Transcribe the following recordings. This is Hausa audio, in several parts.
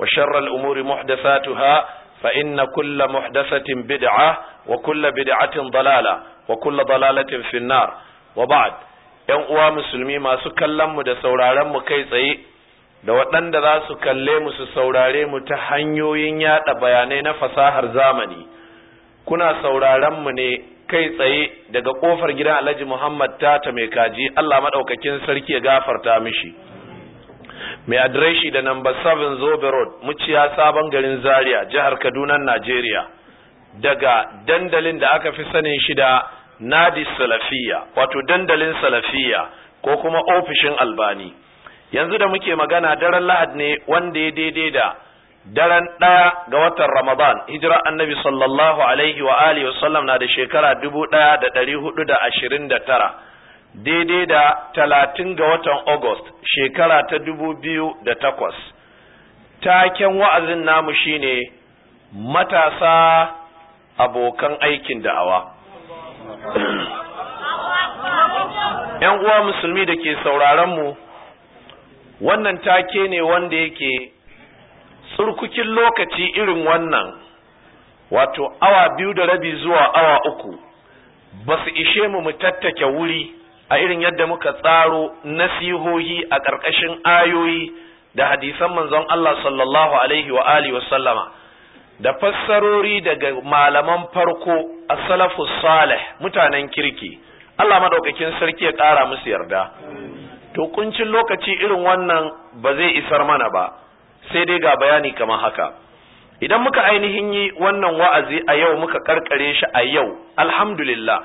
وشر الأمور محدثاتها فإن كل محدثة بدعة وكل بدعة ضلالة وكل ضلالة في النار وبعد ‘yan uwa musulmi masu kallonmu da sauraronmu kai tsaye da waɗanda za su kalle mu su saurare mu ta hanyoyin yaɗa bayanai na fasahar zamani kuna sauraronmu ne kai tsaye daga ƙofar gidan alhaji muhammad tata mai kaji allah maɗaukakin sarki ya gafarta mishi mai adireshi da number 7 zobe road muciya sabon garin zaria jihar kaduna najeriya daga dandalin da aka fi sanin shi da nadi salafiya wato dandalin salafiya ko kuma ofishin albani yanzu da muke magana daren lahad ne wanda ya daidai da daren ɗaya ga watan ramadan hijira annabi sallallahu alaihi wa alihi wasallam na da shekara dubu ɗaya da hudu da ashirin da tara daidai da talatin ga watan August shekara ta dubu biyu da takwas. Taken wa'azin namu shine matasa abokan aikin da'awa. ‘Yan uwa musulmi da ke sauraronmu, wannan take ne wanda yake tsurkukin lokaci irin wannan, wato awa biyu da rabi zuwa awa uku, ba su ishe mu mu tattake wuri. a irin yadda muka tsaro nasihohi a ƙarƙashin ayoyi da hadisan manzon Allah sallallahu alaihi wa alihi wasallama da fassarori daga malaman farko a salafu salih mutanen kirki Allah madaukakin sarki ya ƙara musu yarda to kuncin lokaci irin wannan ba zai isar mana ba sai dai ga bayani kamar haka idan muka ainihin yi wannan wa'azi a yau muka karkare shi a yau alhamdulillah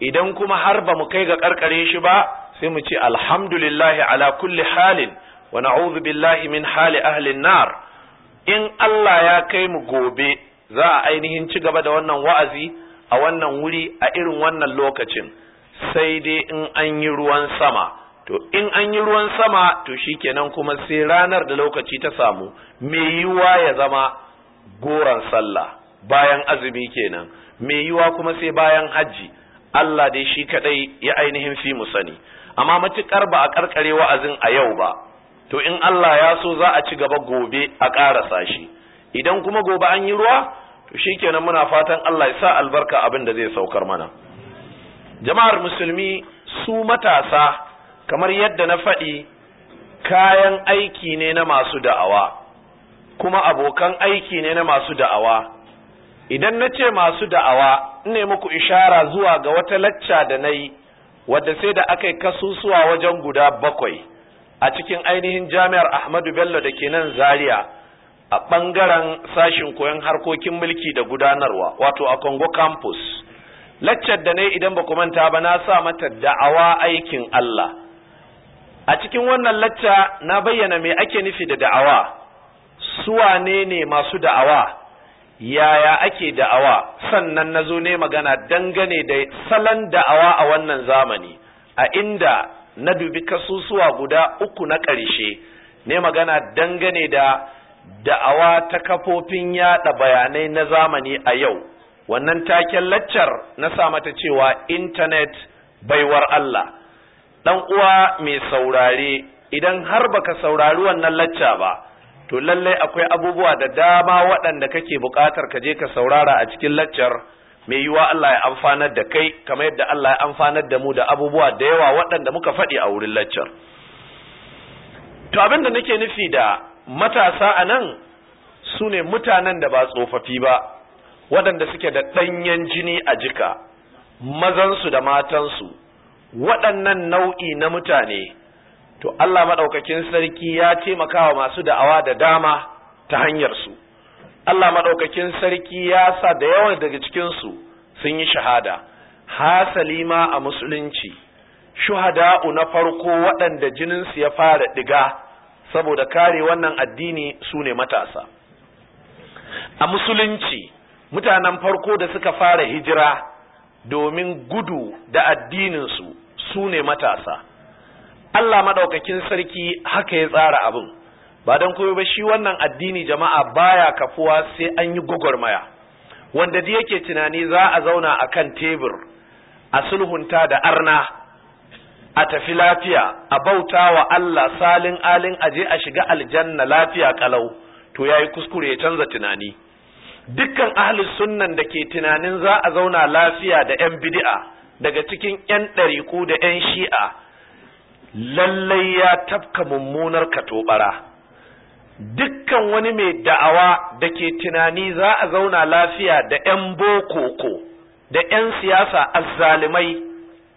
idan kuma har ba mu kai ga karkare shi ba sai mu ce alhamdulillahi ala kulli halin wa na'udhu billahi min hali ahli nar in Allah ya kai mu gobe za a ainihin ci gaba da wannan wa'azi a wannan wuri a irin wannan lokacin sai dai in an yi ruwan sama to in an yi ruwan sama to shikenan kuma sai ranar da lokaci ta samu mai yiwa ya zama goron sallah bayan azumi kenan mai yiwa kuma sai bayan hajji Allah dai shi kadai ya ainihin fi mu sani amma matukar ba a karkare wa'azin a yau ba to in Allah ya so za a ci gaba gobe a karasa shi idan kuma gobe an yi ruwa to shikenan muna fatan Allah ya sa albarka abin da zai saukar mana jama'ar musulmi su matasa kamar yadda na faɗi kayan aiki ne na masu da'awa kuma abokan aiki ne na masu da'awa idan na ce masu da'awa in ne muku ishara zuwa ga wata lacca da na yi wadda sai da aka yi kasusuwa wajen guda bakwai a cikin ainihin jami'ar ahmadu bello da ke nan zaria a ɓangaren sashin koyon harkokin mulki da gudanarwa wato a congo campus laccar da na idan ba ku manta ba na sa mata da'awa aikin allah a cikin wannan lacca na bayyana me ake nufi da da'awa Su wanene ne masu da'awa yaya ake da'awa sannan na zo ne magana dangane da salon da'awa a wannan zamani a inda na dubi kasusuwa guda uku na ƙarshe ne magana dangane da da'awa ta kafofin yada bayanai na zamani a yau wannan taken laccar na sa mata cewa intanet baiwar Allah dan uwa mai saurare idan har baka saurari wannan lacca ba to lallai akwai abubuwa da dama waɗanda kake buƙatar ka je ka saurara a cikin laccar mai yiwa Allah ya amfanar da kai kamar yadda Allah ya amfanar da mu da abubuwa da yawa waɗanda muka faɗi a wurin laccar to abin da nake nufi da matasa a nan su ne mutanen da ba tsofaffi ba waɗanda suke da ɗanyen jini a jika mazansu da matansu waɗannan nau'i na mutane to Allah Maɗaukakin sarki ya taimakawa masu da'awa da dama ta hanyar su Allah Maɗaukakin sarki ya sa da yawan daga cikin su sun yi shahada hasali ma a musulunci shuhada'u na farko waɗanda jininsu ya fara diga saboda kare wannan addini su ne matasa a musulunci mutanen farko da suka fara hijira domin gudu da addininsu su ne matasa Allah madaukakin sarki haka ya tsara abin ba don kuma ba shi wannan addini jama'a baya kafuwa sai an yi gwagwarmaya wanda da yake tunani za a zauna a kan tebur a sulhunta da arna a tafi lafiya a bauta wa Allah salin alin aje a shiga aljanna lafiya kalau to yayi kuskure ya canza tunani dukkan ahli sunnan da ke tunanin za a zauna lafiya da yan bid'a daga cikin yan ɗariku da yan shi'a lallai ya tafka mummunar ka tobara. dukkan wani mai da'awa da ke tunani za a zauna lafiya da 'yan boko-ko, da 'yan siyasa azzalimai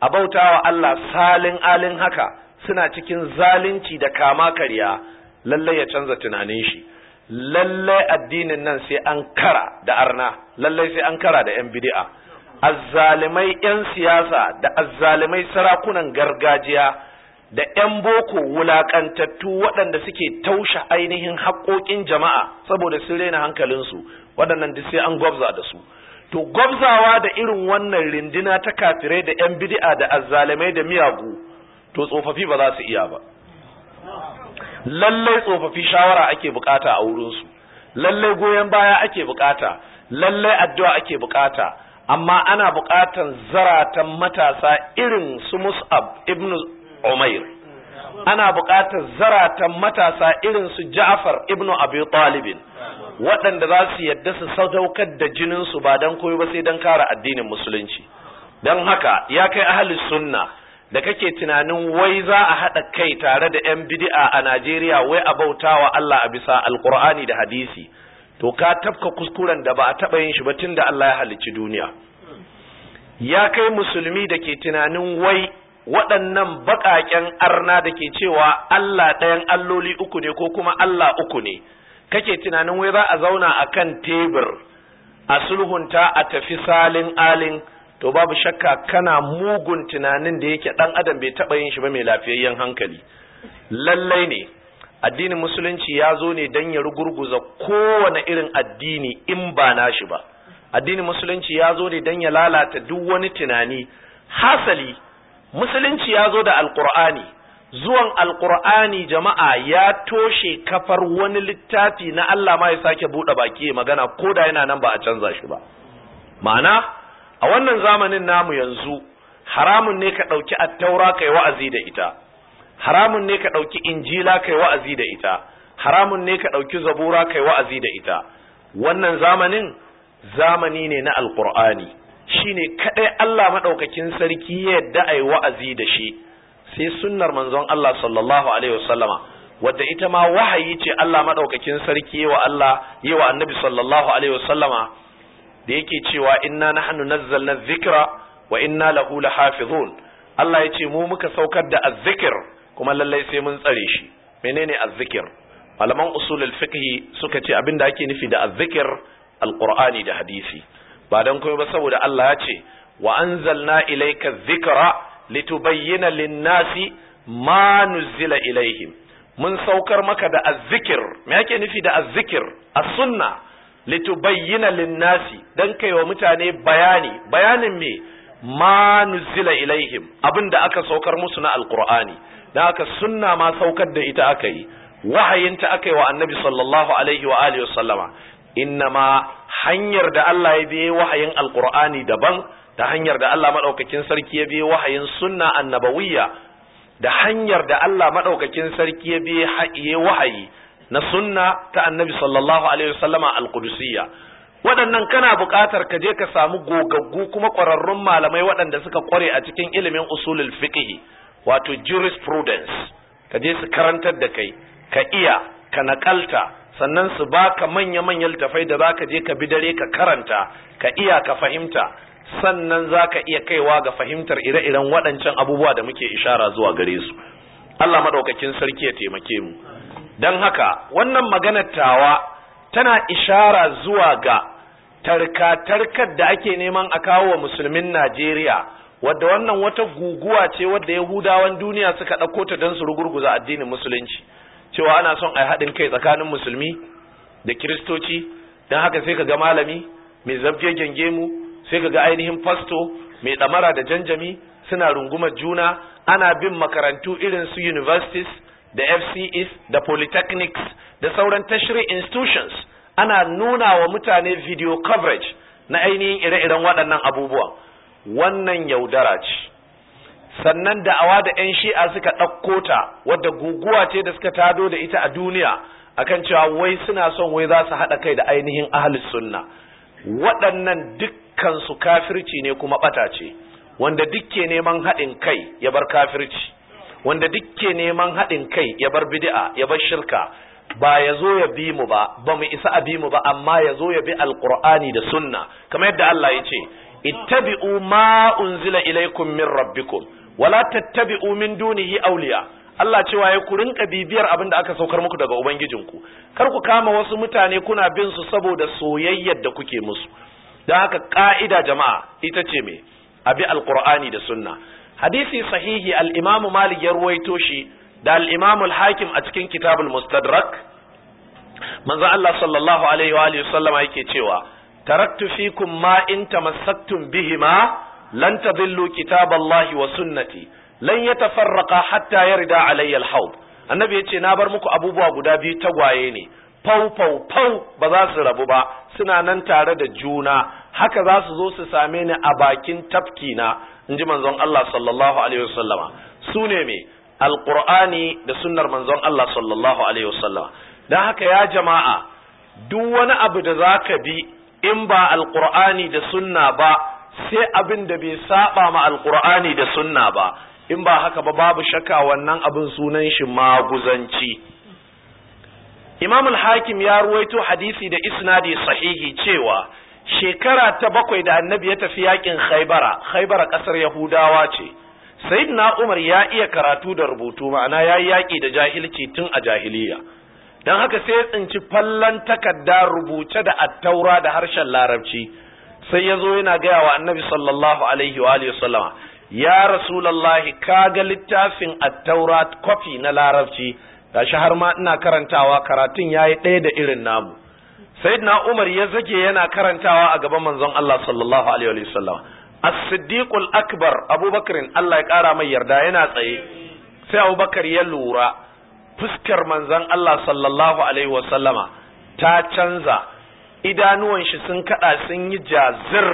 a bautawa Allah salin alin haka suna cikin zalunci da kama karya lallai ya canza tunanin shi lallai addinin nan sai an kara da arna lallai sai an kara da 'yan bid'a azzalimai 'yan siyasa da azzalimai sarakunan gargajiya da 'yan boko wulaƙantattu waɗanda suke taushe ainihin haƙoƙin jama'a saboda sun rena hankalinsu waɗannan da sai an gwabza da su to gwabzawa da irin wannan rindina ta kafirai da 'yan bid'a da azzalamai da miyagu to tsofaffi ba za su iya ba lallai tsofaffi shawara ake bukata a wurinsu lallai goyon baya ake bukata lallai addu'a ake bukata amma ana bukatan zaratan matasa irin su mus'ab ibnu Umair ana buƙatar zaratan matasa irin su Ja'far ibn Abi Talib waɗanda za su yadda su sadaukar da jinin su ba dan koyo ba sai dan kare addinin musulunci dan haka ya kai ahli sunna da kake tunanin wai za a haɗa kai tare da 'yan bid'a a Najeriya wai a bautawa Allah a bisa alkur'ani da hadisi to ka tafka kuskuren da ba a taɓa yin shi ba tunda Allah ya halicci duniya ya kai musulmi da ke tunanin wai waɗannan baƙaƙen arna da ke cewa Allah ɗayan alloli uku ne ko kuma Allah uku ne kake tunanin wai za a zauna a kan tebur a sulhunta a tafi salin alin to babu shakka kana mugun tunanin da yake ɗan adam bai taɓa yin shi ba mai lafiyayyen hankali lallai ne addinin musulunci ya zo ne don ya rugurguza kowane irin addini in ba na shi ba addinin musulunci ya zo ne don ya lalata duk wani tunani hasali musulunci ya zo da alqur'ani zuwan alqur'ani jama'a ya toshe kafar wani littafi na Allah ma ya sake buɗe baki magana ko da yana nan ba a canza shi ba ma'ana a wannan zamanin namu yanzu haramun ne ka ɗauki attaura kai wa'azi da ita haramun ne ka ɗauki injila kai wa'azi da ita haramun ne ka ɗauki zabura kai wa'azi da ita wannan zamanin zamani ne na alkur'ani shine kadai Allah madaukakin sarki ya yadda ai wa'azi da shi sai sunnar manzon Allah sallallahu alaihi wasallama wadda ita ma wahayi ce Allah madaukakin sarki wa Allah yi wa annabi sallallahu alaihi wasallama da yake cewa inna nahnu nazzalna dhikra wa inna lahu lahafizun Allah ya ce mu muka saukar da azzikir kuma lallai sai mun tsare shi menene azzikir malaman usulul fiqh suka ce abinda ake nufi da azzikir alqur'ani da hadisi ba don kuma ba saboda Allah ya ce wa anzalna ilayka dhikra litubayyana lin ma nuzila ilaihim mun saukar maka da azzikir me yake nufi da azzikir as-sunna litubayyana linnasi nasi dan wa mutane bayani bayanin me ma nuzila ilaihim abinda aka saukar musu na alqur'ani dan aka sunna ma saukar da ita aka yi wahayinta aka yi wa annabi sallallahu alaihi wa alihi innama hanyar da Allah ya biye wahayin alqur'ani daban da hanyar da Allah madaukakin sarki ya biye wahayin sunna annabawiyya da hanyar da Allah madaukakin sarki ya biye wahayi na sunna ta annabi sallallahu alaihi wasallama alqudusiyya waɗannan kana buƙatar ka je ka samu gogaggu kuma ƙwararrun malamai waɗanda suka ƙware a cikin ilimin usulul fiqh wato jurisprudence ka je su karantar da kai ka iya ka naƙalta sannan su baka manya-manyan littafai da zaka je ka bi dare ka karanta ka iya ka fahimta sannan zaka iya kaiwa ga fahimtar ire-iren waɗancan abubuwa da muke ishara zuwa gare su Allah maɗaukakin sarki ya taimake mu don haka wannan maganar tawa tana ishara zuwa ga tarka-tarkar da ake neman a kawo wa musulmin Najeriya wadda wannan wata guguwa ce wadda Yahudawan duniya suka ɗauko ta don su rugurguza addinin musulunci cewa ana son a haɗin kai tsakanin musulmi da kiristoci don haka sai ka ga malami mai gyange gengemu sai ka ga ainihin fasto mai ɗamara da janjami suna rungumar juna ana bin makarantu irin su universities da fcs da polytechnics da sauran tashiri institutions ana nuna wa mutane video coverage na ainihin ire-iren waɗannan abubuwan wannan yaudara ce sannan da awa da 'yan shi'a suka ɗauko ta wadda guguwa ce da suka tado da ita a duniya akan cewa wai suna son wai za su haɗa kai da ainihin ahalis sunna waɗannan dukkan su kafirci ne kuma ɓata ce wanda dukke neman haɗin kai ya bar kafirci wanda dukke neman haɗin kai ya bar bid'a ya bar shirka ba ya zo ya bi mu ba ba mu isa a bi mu ba amma ya zo ya bi alqur'ani da sunna kamar yadda Allah ya ce ittabi'u ma unzila ilaykum min rabbikum wala tattabi'u min dunihi awliya Allah cewa ya ku rinka bibiyar abin da aka saukar muku daga ubangijinku kar ku kama wasu mutane kuna bin su saboda soyayyar da kuke musu don haka ka'ida jama'a ita ce me abi alqur'ani da sunna hadisi sahihi al-imamu malik ya ruwaito shi da al-imamu al-hakim a cikin kitabul mustadrak manzo Allah sallallahu alaihi wa alihi sallama yake cewa taraktu fikum ma in tamassaktum bihima lan tadillu kitaballahi wa sunnati lan yatafarraqa hatta yarda alayya alhawd annabi yace na bar muku abubuwa guda biyu tagwaye ne fau fau fau ba za su rabu ba suna nan tare da juna haka za su zo su same ni a bakin tafki na inji manzon Allah sallallahu alaihi wasallama su ne me alqur'ani da sunnar manzon Allah sallallahu alaihi wasallama dan haka ya jama'a duk wani abu da zaka bi in ba alqur'ani da sunna ba sai abin da bai saba ma Alkur'ani da sunna ba in ba haka ba babu shakka wannan abin sunan shi maguzanci Imam al-Hakim ya ruwaito hadisi da isnadi sahihi cewa shekara ta bakwai da annabi ya tafi yakin Khaibara Khaibara kasar Yahudawa ce Sayyidina Umar ya iya karatu da rubutu ma'ana ya yi yaƙi da jahilci tun a jahiliya dan haka sai ya tsinci fallon takarda rubuce da taura da harshen larabci sai ya zo yana gaya wa annabi sallallahu alaihi wa alihi wasallama ya rasulallahi kaga littafin at-taurat kwafi na larabci gashi har ma ina karantawa karatun yayi ɗaya da irin namu sayyidina umar ya zage yana karantawa a gaban manzon Allah sallallahu alaihi wa sallama as-siddiqul akbar abubakar Allah ya kara mai yarda yana tsaye sai abubakar ya lura fuskar manzon Allah sallallahu alaihi wa sallama ta canza idanuwan shi sun kada sun yi jazir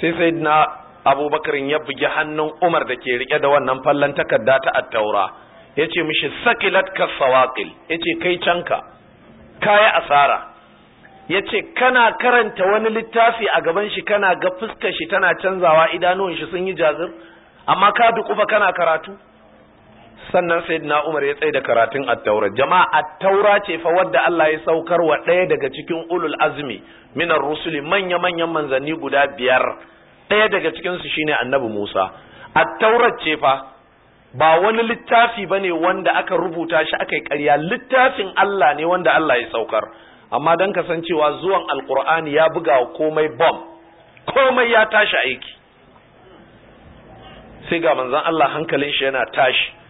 sai sai na abubakar ya bugi hannun umar da ke rike da wannan fallon takarda ta attaura ya ce mishi sakilat ka sawakil ya ce kai canka kayi asara ya ce kana karanta wani littafi a gaban shi kana ga fuskar shi tana canzawa idanuwan shi sun yi jazir amma ka dukufa kana karatu sannan sai na Umar ya tsaye da karatun at jama'a Attaura taura ce fa wadda Allah ya saukar wa ɗaya daga cikin ulul azumi minar rusuli manya manyan manzanni guda biyar ɗaya daga cikin su shine annabi Musa at-taura ce fa ba wani littafi bane wanda aka rubuta shi aka yi ƙarya littafin Allah ne wanda Allah ya saukar amma dan kasancewa zuwan Alkur'ani ya buga komai bomb komai ya tashi aiki sai ga manzon Allah hankalin shi yana tashi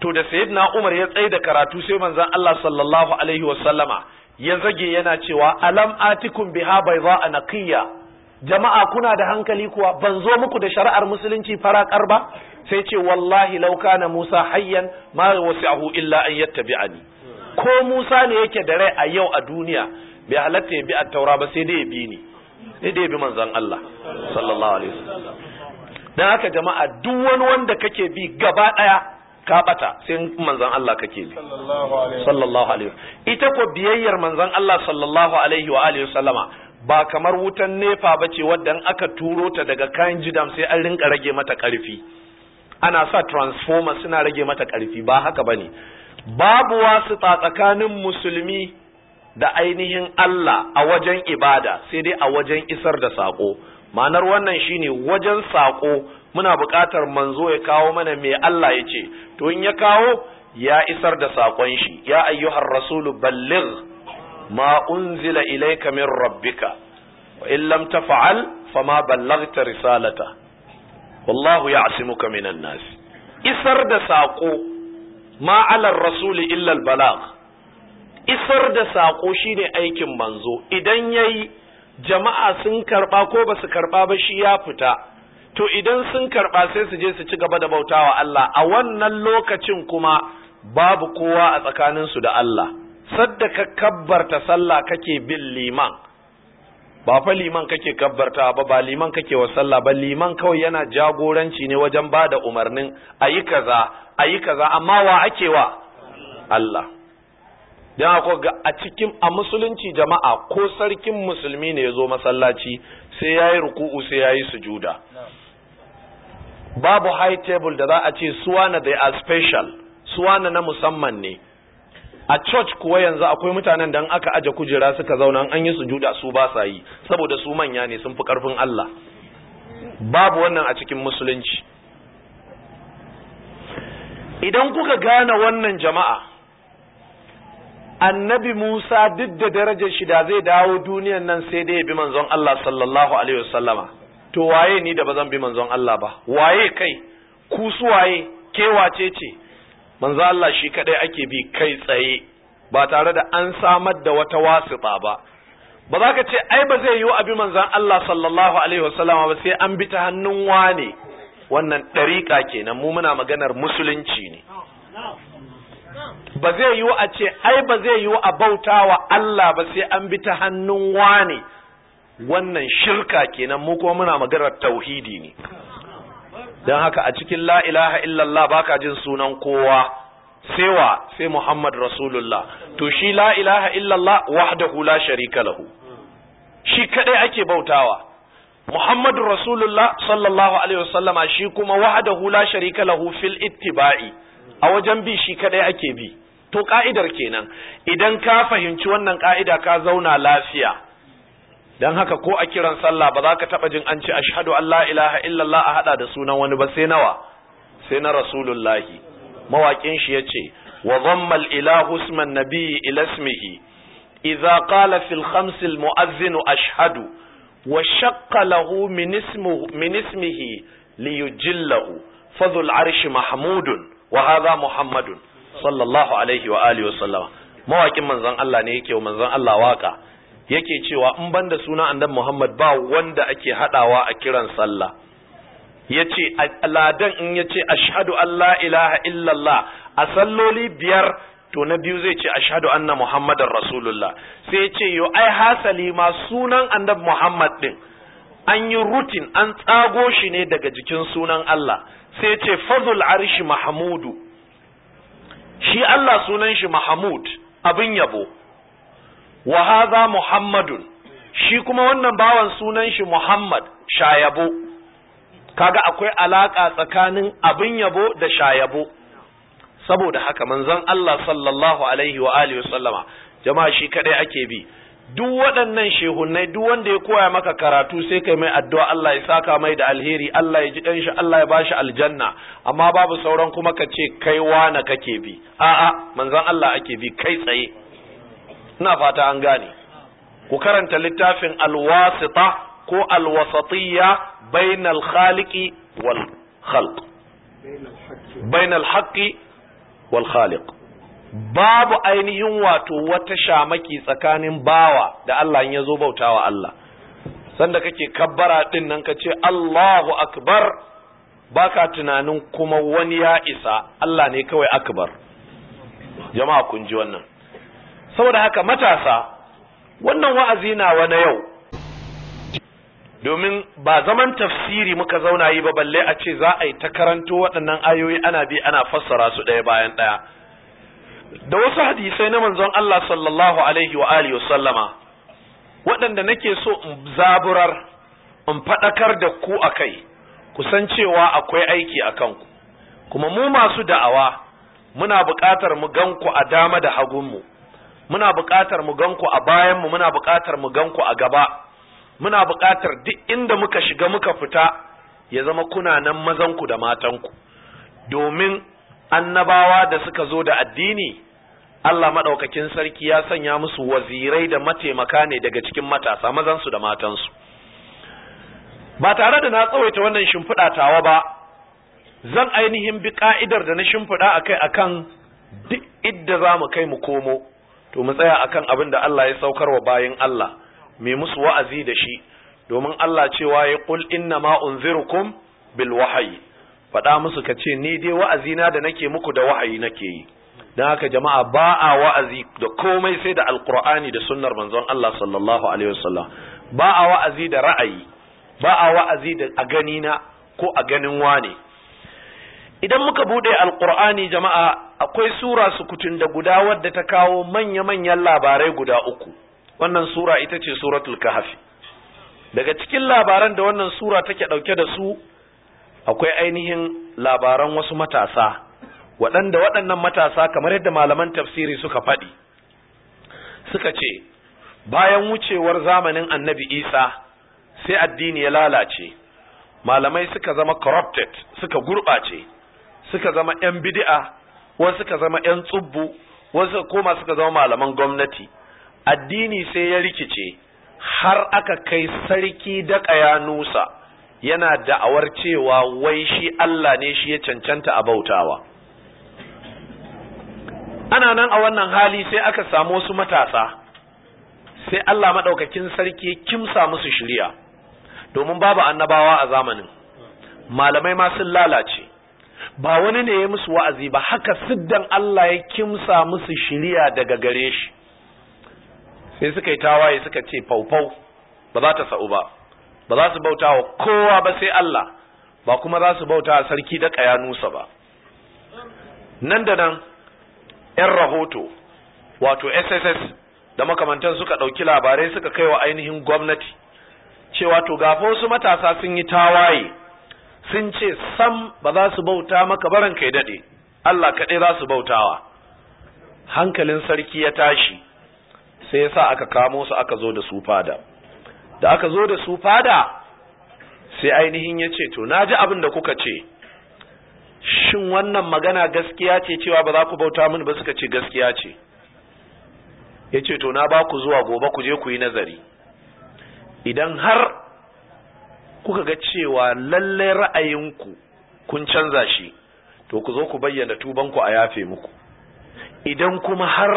to da sayyidina Umar ya tsai da karatu sai manzon Allah sallallahu alaihi wasallama ya zage yana cewa alam atikum biha a naqiya jama'a kuna da hankali kuwa ban zo muku da shari'ar musulunci farakar ba sai ce wallahi law kana Musa hayyan ma wasi'ahu illa an yattabi'ani ko Musa ne yake da rai a yau a duniya bai halatta ya bi at-taura ba sai dai ya bi ni sai dai bi manzon Allah sallallahu alaihi wasallam dan haka jama'a duk wani wanda kake bi gaba daya ka bata sai manzon Allah kake bi sallallahu alaihi ita ko biyayyar manzon Allah sallallahu alaihi wa alihi sallama ba kamar wutan nefa bace wadda aka turo ta daga kayan jidam sai an rinka rage mata karfi ana sa transformer suna rage mata karfi ba haka bane babu wasu tsakanin musulmi da ainihin Allah a wajen ibada sai dai a wajen isar da sako ma'anar wannan shine wajen sako muna buƙatar manzo ya kawo mana me Allah ya ce to in ya kawo ya isar da saƙon shi ya ayyuhar rasulu balligh ma unzila ilayka min rabbika wa in lam taf'al fama ballaghta risalata wallahu ya'simuka minan nas isar da saƙo ma alar rasuli illa balagh isar da saƙo shine aikin manzo idan yayi jama'a sun karɓa ko basu karɓa ba shi ya fita to idan sun karɓa sai su je su ci gaba da bautawa Allah a wannan lokacin kuma babu kowa a tsakaninsu da Allah sadda ka kabbarta sallah kake bin liman ba fa liman kake kabbarta ba ba liman kake wa sallah ba liman kawai yana jagoranci ne wajen ba da umarnin ayi kaza ayi kaza amma wa ake wa Allah dan ko ga a cikin a musulunci jama'a ko sarkin musulmi ne ya zo masallaci sai yayi ruku'u sai yayi sujuda babu high table da za a ce suwana they are special suwana na musamman ne a church kuwa yanzu akwai mutanen da aka aje kujera suka zauna an yi sujuda su ba sa yi saboda su manya ne sun fi karfin Allah babu wannan a cikin musulunci idan kuka gane wannan jama'a annabi Musa duk da darajar shi da zai dawo duniyar nan sai dai ya bi manzon Allah sallallahu alaihi wasallama to waye ni da bazan bi manzon Allah ba waye kai ku su waye ke wace ce manzon Allah shi kadai ake bi kai tsaye ba tare da an samar da wata wasifa ba ba za ka ce ai ba zai yiwu abi manzon Allah sallallahu alaihi wasallama ba sai an bi ta hannun wane wannan ɗariƙa kenan mu muna maganar musulunci ne ba zai yi a ce ai ba zai yi a bautawa Allah ba sai an bi ta hannun wane wannan shirka kenan mu kuma muna magana tauhidi ne don haka a cikin la ilaha illallah baka jin sunan kowa sai wa sai muhammad rasulullah to shi la ilaha illallah wahdahu la sharika lahu shi kadai ake bautawa muhammadu rasulullah sallallahu alaihi wasallama shi kuma wahdahu la sharika lahu fil ittiba'i a wajen bi shi kadai ake bi to ka'idar kenan idan ka fahimci wannan ka'ida ka zauna lafiya dan haka ko a kiran sallah ba za ka taba jin an ashadu Allah ilaha illallah a hada da sunan wani ba sai nawa sai na rasulullahi mawakin shi ce, wa dhamma ila husman isman nabiyyi ila ismihi idza qala fil khams ashhadu wa shaqqa lahu min ismihi min ismihi fadhul arsh mahmudun wa hadha muhammadun sallallahu alaihi wa alihi wa sallama mawakin manzon Allah ne yake manzon Allah waka yake cewa in banda suna annabi Muhammad ba wanda ake hadawa a kiran sallah yace al'adan in yace ashhadu an la ilaha illallah a salloli biyar to na biyu zai ce ashhadu anna muhammadar rasulullah sai yace yo ai hasali ma sunan annabi muhammad din an yi rutin an tsago shi ne daga jikin sunan Allah sai ce fadul arshi mahmudu shi Allah sunan shi mahmud abin yabo wa hadha muhammadun shi kuma wannan bawan sunan shi muhammad shayabo kaga akwai alaka tsakanin abin yabo da shayabo saboda haka manzon Allah sallallahu alaihi wa alihi sallama jama'a shi kadai ake bi duk waɗannan shehunnai duk wanda ya koya maka karatu sai kai mai addu'a Allah ya saka mai da alheri Allah ya ji dan shi Allah ya bashi aljanna amma babu sauran kuma ka ce kai wana kake bi a'a manzon Allah ake bi kai tsaye ina fata an gane ku karanta littafin alwasita ko alwasatiyya bainal khaliqi wal khalq bainal haqqi wal khaliq babu ainihin wato wata shamaki tsakanin bawa da Allah in yazo bautawa Allah sanda kake kabbara din nan kace Allahu akbar baka tunanin kuma wani ya isa Allah ne kawai akbar jama'a kun ji wannan saboda haka matasa wannan wa'azi nawa na yau domin ba zaman tafsiri muka zauna yi ba balle a ce za a yi ta karanto waɗannan ayoyi ana bi ana fassara su ɗaya bayan ɗaya da wasu hadisai na manzon Allah sallallahu alaihi wa alihi wa sallama waɗanda nake so in zaburar in faɗakar da ku akai kai kusan cewa akwai aiki a kanku kuma mu masu da'awa muna buƙatar mu gan ku a dama da hagunmu muna buƙatar mu ganku a bayan mu muna buƙatar mu ganku a gaba muna buƙatar duk inda muka shiga muka fita ya zama kuna nan mazanku da matanku domin annabawa da suka zo da addini Allah maɗaukakin sarki ya sanya musu wazirai da mataimaka ne daga cikin matasa mazansu da matansu ba tare da na tsawaita wannan shimfiɗa tawa ba zan ainihin bi ka'idar da na shimfiɗa akai akan duk idda za mu kai mu komo to mu tsaya akan abin da Allah ya saukar wa bayan Allah mai musu wa'azi da shi domin Allah cewa ya kul inna ma unzirukum bil wahyi faɗa musu ka ce ni dai wa'azi na da nake muku da wahayi nake yi dan haka jama'a ba a wa'azi da komai sai da alqur'ani da sunnar manzon Allah sallallahu alaihi wasallam ba a wa'azi da ra'ayi ba a wa'azi da a gani na ko a ganin wani. idan muka bude Alkur'ani jama'a akwai sura sukutun da guda wadda ta kawo manya-manyan labarai guda uku wannan sura ita ce suratul kahafi daga cikin labaran da wannan sura take dauke da su akwai ainihin labaran wasu matasa waɗanda waɗannan matasa kamar yadda malaman tafsiri suka faɗi suka ce bayan wucewar zamanin annabi isa sai addini ya lalace malamai suka zama corrupted suka gurɓace suka zama yan bid'a wasu suka zama yan tsubbu wasu koma suka zama malaman gwamnati addini sai ya rikice har aka kai sarki daka ya nusa yana da'awar cewa wai shi Allah ne shi ya cancanta a bautawa ana nan a wannan hali sai aka samu wasu matasa sai Allah maɗaukakin sarki kimsa musu shirya domin babu annabawa a zamanin malamai ma sun lalace ba wani ne ya musu wa'azi ba haka siddan Allah ya kimsa musu shiriya daga gare shi sai suka yi tawaye suka ce faufau ba za ta sa'u ba ba za su bauta wa kowa ba sai Allah ba kuma za su bauta a sarki da nusa ba nan da nan 'yan rahoto wato sss da makamantan suka ɗauki labarai suka kai wa ainihin gwamnati cewa to gafa wasu matasa sun yi tawaye sun ce sam ba za su bauta maka baran kai dade Allah kaɗai za su bautawa hankalin sarki ya tashi sai ya sa aka kamo su aka zo da su fada da aka zo da su fada sai ainihin ya ce to na ji abin da kuka ce shin wannan magana gaskiya ce cewa ba za ku bauta mini ba suka ce gaskiya ce ya ce to na ba ku zuwa gobe ku je ku yi nazari idan har kuka ga cewa lalle ra'ayinku kun canza shi to ku zo ku bayyana tubanku a yafe muku idan kuma har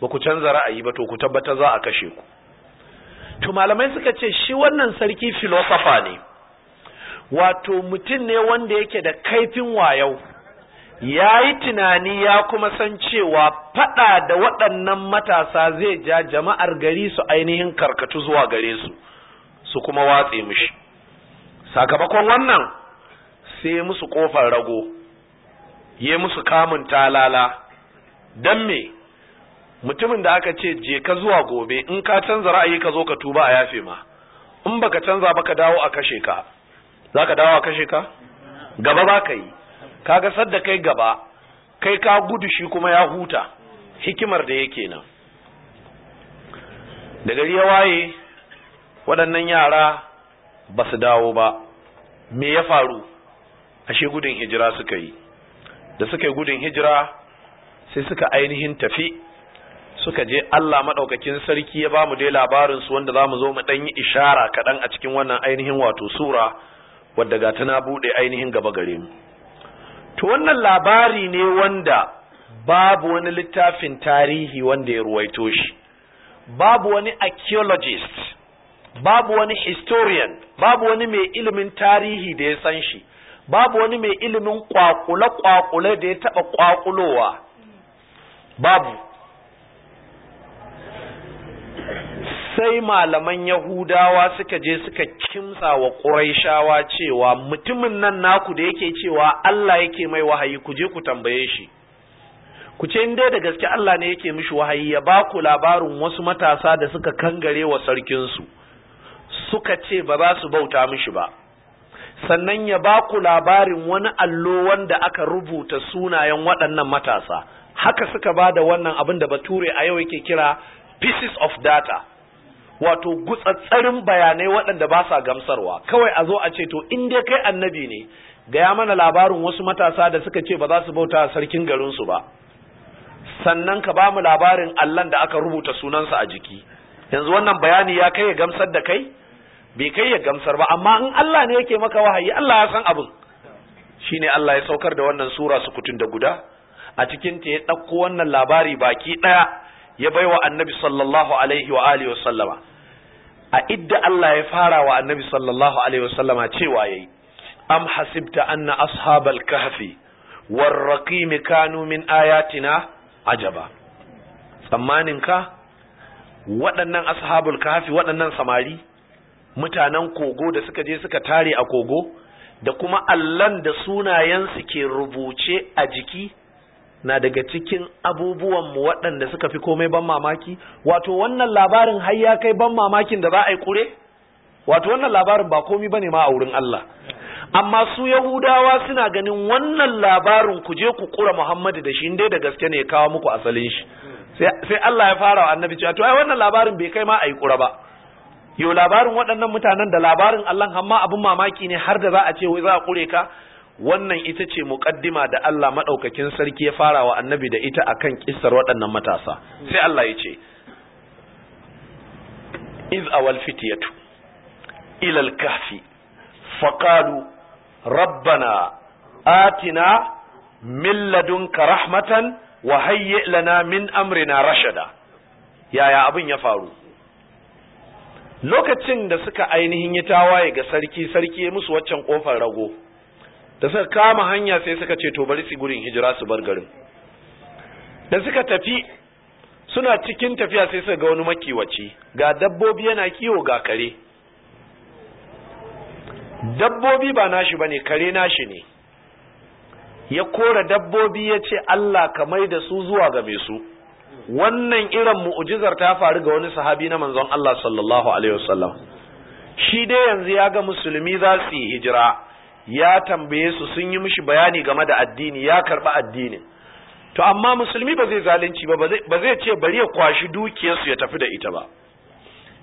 ba ku canza ra'ayi ba to ku tabbata za a kashe ku to malamai suka ce shi wannan sarki filosofa ne wato mutum ne wanda yake da kaifin wayau ya yi tunani ya kuma san cewa fada da waɗannan matasa zai ja jama'ar gari su ainihin karkatu zuwa gare su su kuma watse mishi sakamakon wannan sai musu kofar rago ya musu kamun talala dan me mutumin da aka ce je ka zuwa gobe in ka canza ra'ayi ka zo ka tuba a yafe ma in baka canza baka dawo a kashe ka za ka dawo a kashe ka gaba ba ka yi kaga sadda kai gaba kai ka gudu shi kuma ya huta hikimar da yake nan da gari ya waye waɗannan yara ba su dawo ba me ya faru ashe gudun hijira suka yi da suka yi gudun hijira sai suka ainihin tafi suka je Allah maɗaukakin sarki ya ba mu dai labarin su wanda za mu zo mu ɗan yi ishara kaɗan a cikin wannan ainihin wato sura wadda ga tana buɗe ainihin gaba gare mu to wannan labari ne wanda babu wani littafin tarihi wanda ya ruwaito shi babu wani archaeologist babu wani historian babu wani mai ilimin tarihi da ya san shi babu wani mai ilimin kwakule-kwakule da ya taɓa kwakulowa babu sai malaman yahudawa suka je suka kimsa wa ƙuraishawa cewa mutumin nan naku da yake cewa Allah yake mai wahayi ku je ku tambaye shi ku ce dai da gaske Allah ne yake mishi wahayi ya ba ku labarin wasu matasa da suka kangare wa sarkinsu suka ce ba za su bauta mishi ba sannan ya ba ku labarin wani allo wanda aka rubuta sunayen waɗannan matasa haka suka ba da wannan abin da bature a yau yake kira pieces of data wato gutsatsarin bayanai waɗanda ba sa gamsarwa kawai a zo a ce to in dai kai annabi ne ya mana labarin wasu matasa da suka ce ba za su bauta sarkin garinsu ba sannan ka ba mu labarin allon da aka rubuta sunansa a jiki yanzu wannan bayani ya kai ya gamsar da kai bai kai ya gamsar ba amma in Allah ne yake maka wahayi Allah ya san abin shine Allah ya saukar da wannan sura su kutun da guda a cikin ta ya ɗauko wannan labari baki ɗaya ya baiwa annabi sallallahu alaihi wa alihi wasallama a idda Allah ya fara wa annabi sallallahu alaihi wasallama cewa yayi am hasibta anna ashabal kahfi war raqim kanu min ayatina ajaba tsammanin ka waɗannan ashabul kahfi waɗannan samari mutanen kogo da suka je suka tare a kogo da kuma allan da sunayensu ke rubuce a jiki na daga cikin abubuwanmu waɗanda suka fi komai ban mamaki wato wannan labarin har ya kai ban mamakin da za a yi kure wato wannan labarin ba komi bane ma a wurin Allah amma su yahudawa suna ganin wannan labarin ku je ku kura muhammadu da shi dai da gaske ne ya kawo muku asalin shi sai Allah ya fara wa annabi cewa to ai wannan labarin bai kai ma a yi kura ba yau labarin waɗannan mutanen da labarin Allah amma abin mamaki ne har da za a ce wai za a kure ka wannan ita ce muƙaddima da Allah maɗaukakin sarki ya fara wa annabi da ita akan ƙisar waɗannan matasa sai Allah ya ce iz awal fityatu ila al-kahfi rabbana atina min ladunka rahmatan wa hayyi lana min amrina rashada yaya abin ya faru lokacin da suka ainihin ya tawaye ga sarki sarki ya musu waccan kofar rago da suka kama hanya sai suka ce to bari su gurin hijira su bar garin da suka tafi suna cikin tafiya sai suka ga wani makiwaci ga dabbobi yana kiwo ga kare dabbobi ba nashi bane kare nashi ne ya kora dabbobi ya ce Allah ka mai da su zuwa ga mai su wannan irin mu'ujizar ta faru ga wani sahabi na manzon Allah sallallahu alaihi wasallam shi dai yanzu ya ga musulmi za su yi hijira ya tambaye su sun yi mishi bayani game da addini ya karba addinin to amma musulmi ba zai zalunci ba ba zai ce bari ya kwashi dukiyarsu ya tafi da ita ba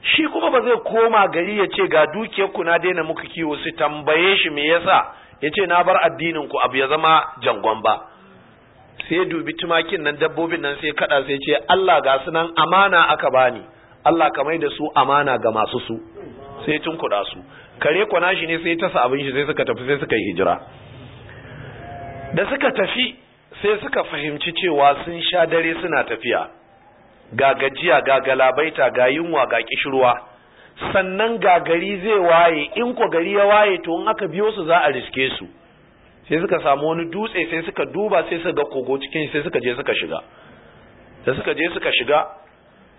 shi kuma ba zai koma gari ya ce ga dukiyar ku na daina muku kiwo su tambaye shi me yasa ya ce na bar addinin ku abu ya zama jangon ba sai dubi tumakin nan dabbobin nan sai kada sai ce Allah ga su nan amana aka bani Allah ka mai da su amana ga masu su sai tun kuɗa su kare kwana shi ne sai tasa abin shi sai suka tafi sai suka yi hijira da suka tafi sai suka fahimci cewa sun sha dare suna tafiya ga gajiya ga galabaita ga yunwa ga kishirwa sannan ga gari zai waye in ko gari ya waye to in aka biyo su za a riske su sai suka samu wani dutse sai suka duba sai suka ga kogo cikin sai suka je suka shiga da suka je suka shiga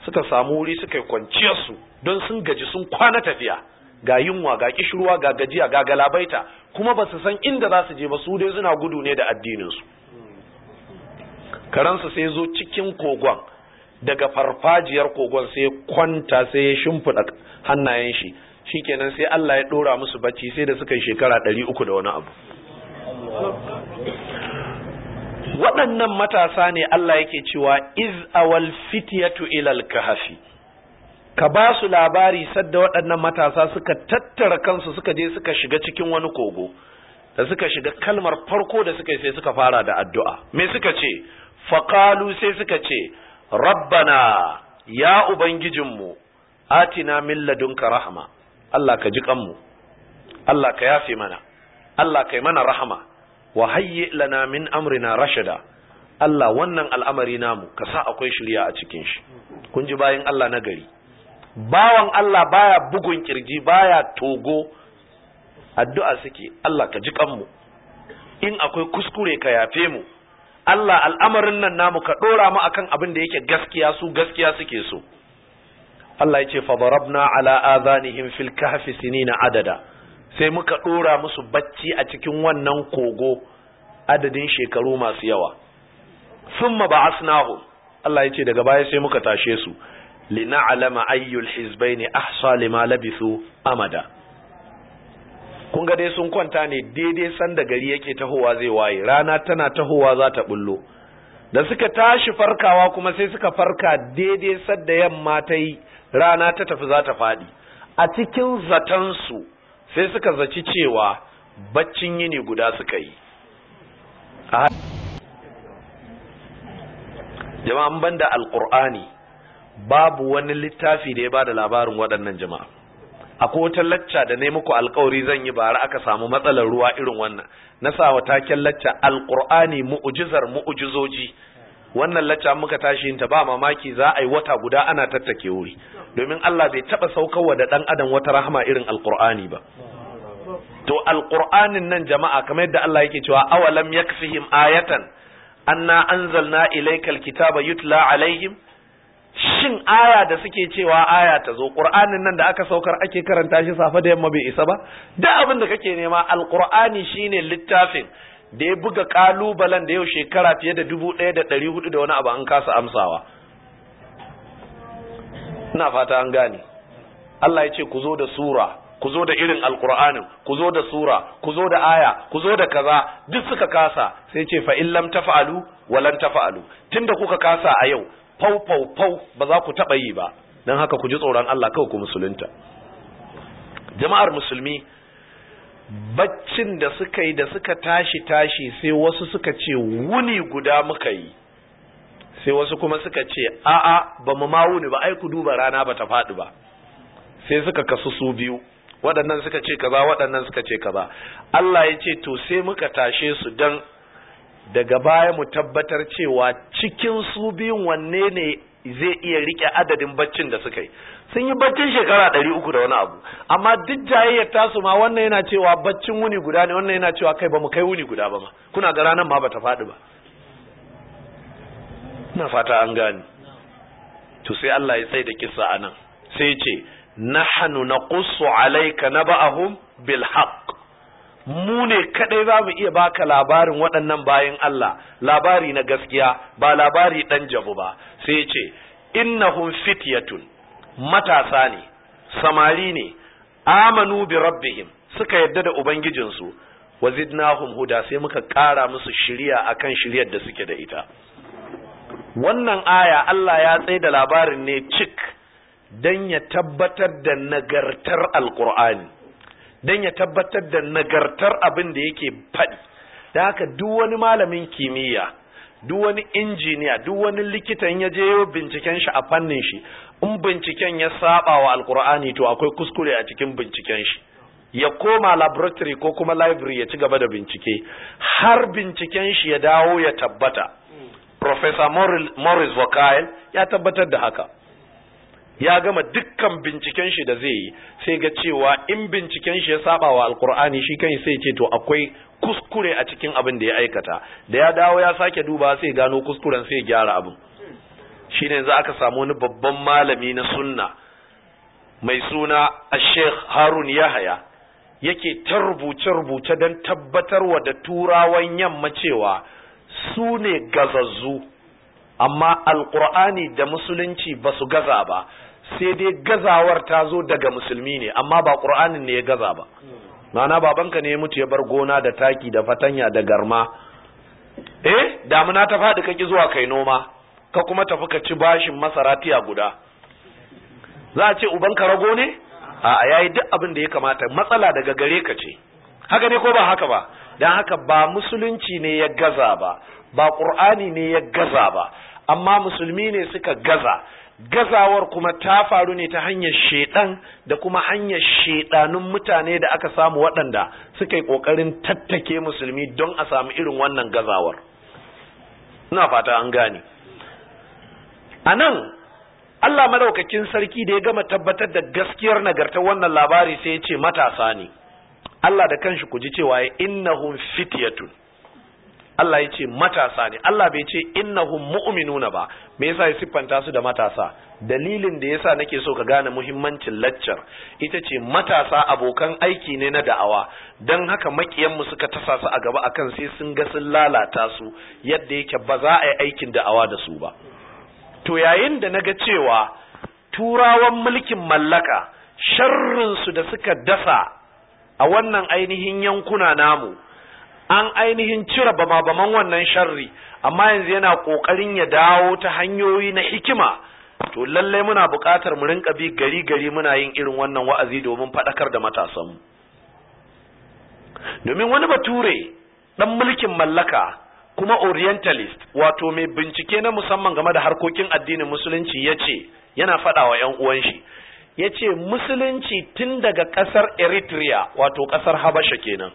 suka samu wuri suka yi kwanciyar su don sun gaji sun kwana tafiya ga yunwa ga kishirwa ga gajiya ga galabaita kuma ba su san inda za su je ba su dai suna gudu ne da addinin su karansu sai zo cikin kogon daga farfajiyar kogon sai kwanta sai ya shimfiɗa hannayen shi shikenan sai Allah ya dora musu bacci sai da suka yi shekara ɗari uku da wani abu waɗannan matasa ne Allah yake cewa iz awal fityatu ilal kahfi ka ba su labari sadda waɗannan matasa suka tattara kansu suka je suka shiga cikin wani kogo da suka shiga kalmar farko da suka sai suka fara da addu'a me suka ce faƙalu sai suka ce rabbana ya ubangijinmu atina min ladunka rahma Allah ka ji kanmu Allah ka yafe mana Allah kai mana rahama wa hayyi lana min amrina rashada Allah wannan al'amari namu ka sa akwai shirya a cikin shi kun ji bayan Allah na gari bawan Allah baya bugun kirji baya togo addu'a suke Allah ka ji kanmu in akwai kuskure ka yafe mu Allah al'amarin nan namu ka dora mu akan abin da yake gaskiya su gaskiya suke so Allah ya ce fa barabna ala adhanihim fil kahfi sinina adada sai muka ɗora musu bacci a cikin wannan kogo adadin shekaru masu yawa sun ba'asnahum Allah ya ce daga baya sai muka tashe su alama ayyul hizbaini ahsa lima labisu amada kun ga dai sun kwanta ne daidai san da gari yake tahowa zai waye rana tana tahowa za ta bullo da suka tashi farkawa kuma sai suka farka daidai sadda yamma ta yi rana ta tafi za ta faɗi a cikin su. sai suka zaci cewa baccin yini guda suka yi jama'an banda alkur'ani babu wani littafi da ya ba da labarin waɗannan jama'a A wata lacca da na yi muku alkawari zan yi bara aka samu matsalar ruwa irin wannan na sa wa taken lacca alkur'ani mu'ujizar mu'ujizoji wannan lacca muka tashi yin ta ba mamaki za a yi wata guda ana tattake wuri domin Allah bai taba saukarwa da dan adam wata rahama irin alqur'ani ba to alqur'anin nan jama'a kamar yadda Allah yake cewa awalam yakfihim ayatan anna anzalna ilaykal kitaba yutla alaihim shin aya da suke cewa aya ta zo qur'anin nan da aka saukar ake karanta shi safa da yamma bai isa ba da abin da kake nema alqur'ani shine littafin da ya buga kalubalen da yau shekara fiye da dubu ɗaya da ɗari hudu da wani abu an kasa amsawa ina fata an gane Allah ya ce ku zo da sura ku zo da irin alkur'anin ku zo da sura ku zo da aya ku zo da kaza duk suka kasa sai ce fa in lam tafa'alu wa lan tafa'alu tunda kuka kasa a yau fau fau fau ba za ku taba yi ba dan haka ku ji tsoron Allah kawai ku musulunta jama'ar musulmi baccin da suka yi da suka tashi tashi sai wasu suka ce wuni guda muka yi sai wasu kuma suka ce a'a ba mu ma wuni ba ai ku duba rana ba ta faɗi ba sai suka kasu su biyu waɗannan suka ce kaza waɗannan suka ce kaza Allah ya ce to sai muka tashe su dan daga baya mu tabbatar cewa cikin su biyun wanne ne zai iya rike adadin baccin da suka yi sun yi baccin shekara ɗari uku da wani abu amma duk jayayyar tasu ma wannan yana cewa baccin wuni guda ne wannan yana cewa kai ba mu kai wuni guda ba ma kuna ga ranar ma bata faɗi ba na fata an gane to sai Allah ya tsaye da kissa anan sai ya ce nahnu naqussu alayka naba'ahum bil haqq mu ne kadai za mu iya baka labarin waɗannan bayan Allah labari na gaskiya ba labari dan jabu ba sai ya ce innahum fityatun matasa ne samari ne amanu bi rabbihim suka yadda da ubangijinsu wa zidnahum huda sai muka ƙara musu shiriya akan shiryar da suke da ita wannan aya Allah ya tsaye da labarin ne cik don ya tabbatar da nagartar alqur'ani don ya tabbatar da nagartar abin da yake faɗi da haka duk wani malamin kimiyya duk wani injiniya duk wani likitan ya yau binciken shi a fannin shi in binciken ya saba wa alkur'ani to akwai kuskure a cikin binciken shi ya koma laboratory ko kuma library ya ci gaba da bincike har binciken shi ya dawo ya tabbata professor morris wakail ya tabbatar da haka ya gama dukkan binciken shi da zai yi sai ga cewa in binciken shi ya saba wa alkur'ani shi kan sai ce to akwai kuskure a cikin abin da ya aikata da ya dawo ya sake duba sai gano kuskuren sai gyara abin Shi ne yanzu aka samu wani babban malami na sunna mai suna a Sheikh Harun Yahaya yake ta rubuce-rubuce don tabbatarwa da turawan yamma cewa su ne gazazzu amma alkur'ani da musulunci ba su gaza ba sai dai gazawar ta zo daga musulmi ne amma ba ƙur'anin ne ya gaza ba mana babanka ne ya mutu ya bar gona da taki da fatanya da garma eh damuna ta faɗi kaki zuwa kai noma ka kuma tafi ka ci bashin masara tiya guda za a ce ka rago ne a yayi duk abin da ya kamata matsala daga gare ka ce haka ne ko ba haka ba dan haka ba musulunci ne ya gaza ba ba ƙur'ani ne ya gaza ba amma musulmi ne suka gaza gazawar kuma ta faru ne ta hanyar shedan da kuma hanyar shedanun mutane da aka samu waɗanda suka yi ƙoƙarin tattake musulmi don a samu irin wannan gazawar ina fata an gane a nan Allah madaukakin sarki da ya gama tabbatar da gaskiyar nagartar wannan labari sai ya ce matasa ne Allah da kanshi ku ji cewa ya innahum fityatun Allah ya ce matasa ne Allah bai ce innahum mu'minuna ba me yasa ya siffanta su da matasa dalilin da yasa nake so ka gane muhimmancin laccar ita ce matasa abokan aiki ne na da'awa dan haka makiyan mu suka tasa su a gaba akan sai sun ga sun lalata su yadda yake ba za a yi aikin da'awa da su ba to yayin da naga cewa turawan mulkin mallaka sharrinsu da suka dasa a wannan ainihin yankuna namu an ainihin cire bama-baman wannan sharri amma yanzu yana ƙoƙarin ya dawo ta hanyoyi na hikima to lallai muna buƙatar mu rinka bi gari-gari muna yin irin wannan wa'azi domin faɗakar da matasanmu domin wani bature ɗan mulkin mallaka kuma orientalist wato mai bincike na musamman game da harkokin addinin musulunci ya ce yana faɗa wa 'yan uwan shi ya ce musulunci tun daga ƙasar eritrea wato ƙasar habasha kenan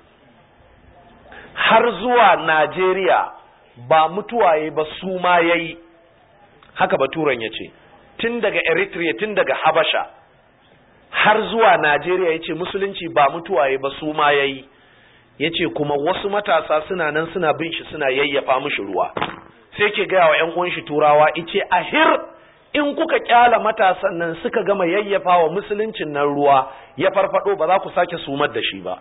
har zuwa najeriya ba ya ba su ma ya yi haka baturan ya ce tun daga eritrea tun daga habasha har zuwa najeriya ya ce musulunci ba mutuwaye ba su ma ya yi yace kuma wasu matasa suna nan suna bin shi suna yayyafa mishi ruwa sai ke gaya wa ƴan uwan shi turawa ice ahir in kuka kyala matasan nan suka gama yayyafa wa musuluncin nan ruwa ya farfado ba za ku sake sumar da shi ba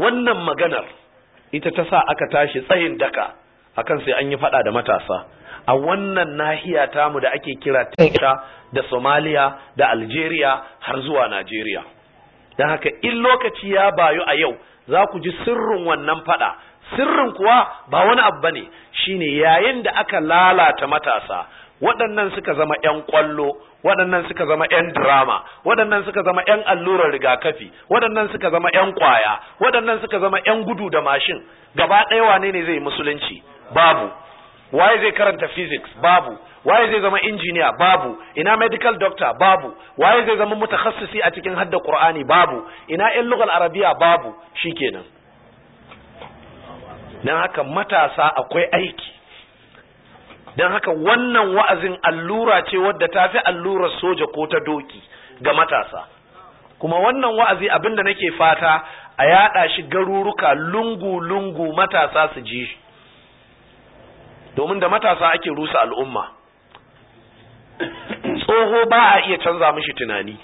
wannan maganar ita ta sa aka tashi tsayin daka akan sai an yi fada da matasa a wannan nahiya tamu da ake kira da Somalia da Algeria har zuwa Najeriya don haka in lokaci ya bayu a yau za ku ji sirrin wannan fada sirrin kuwa ba wani abu bane shine yayin da aka lalata matasa waɗannan suka zama ƴan ƙwallo waɗannan suka zama ƴan drama waɗannan suka zama ƴan allurar rigakafi waɗannan suka zama ƴan kwaya waɗannan suka zama ƴan gudu da mashin gaba ɗaya wane ne zai musulunci babu waye zai karanta physics babu waye zai zama injiniya babu ina medical doctor babu waye zai zama mutakhassisi a cikin hadda qur'ani babu ina ƴan lugal arabiya babu shikenan dan haka matasa akwai aiki dan haka wannan wa'azin allura ce wadda ta fi allurar soja ko ta doki ga matasa kuma wannan wa'azi abinda nake fata a yada shi garuruka lungu lungu matasa su ji shi domin da matasa ake rusa al'umma tsoho ba a iya canza mishi tunani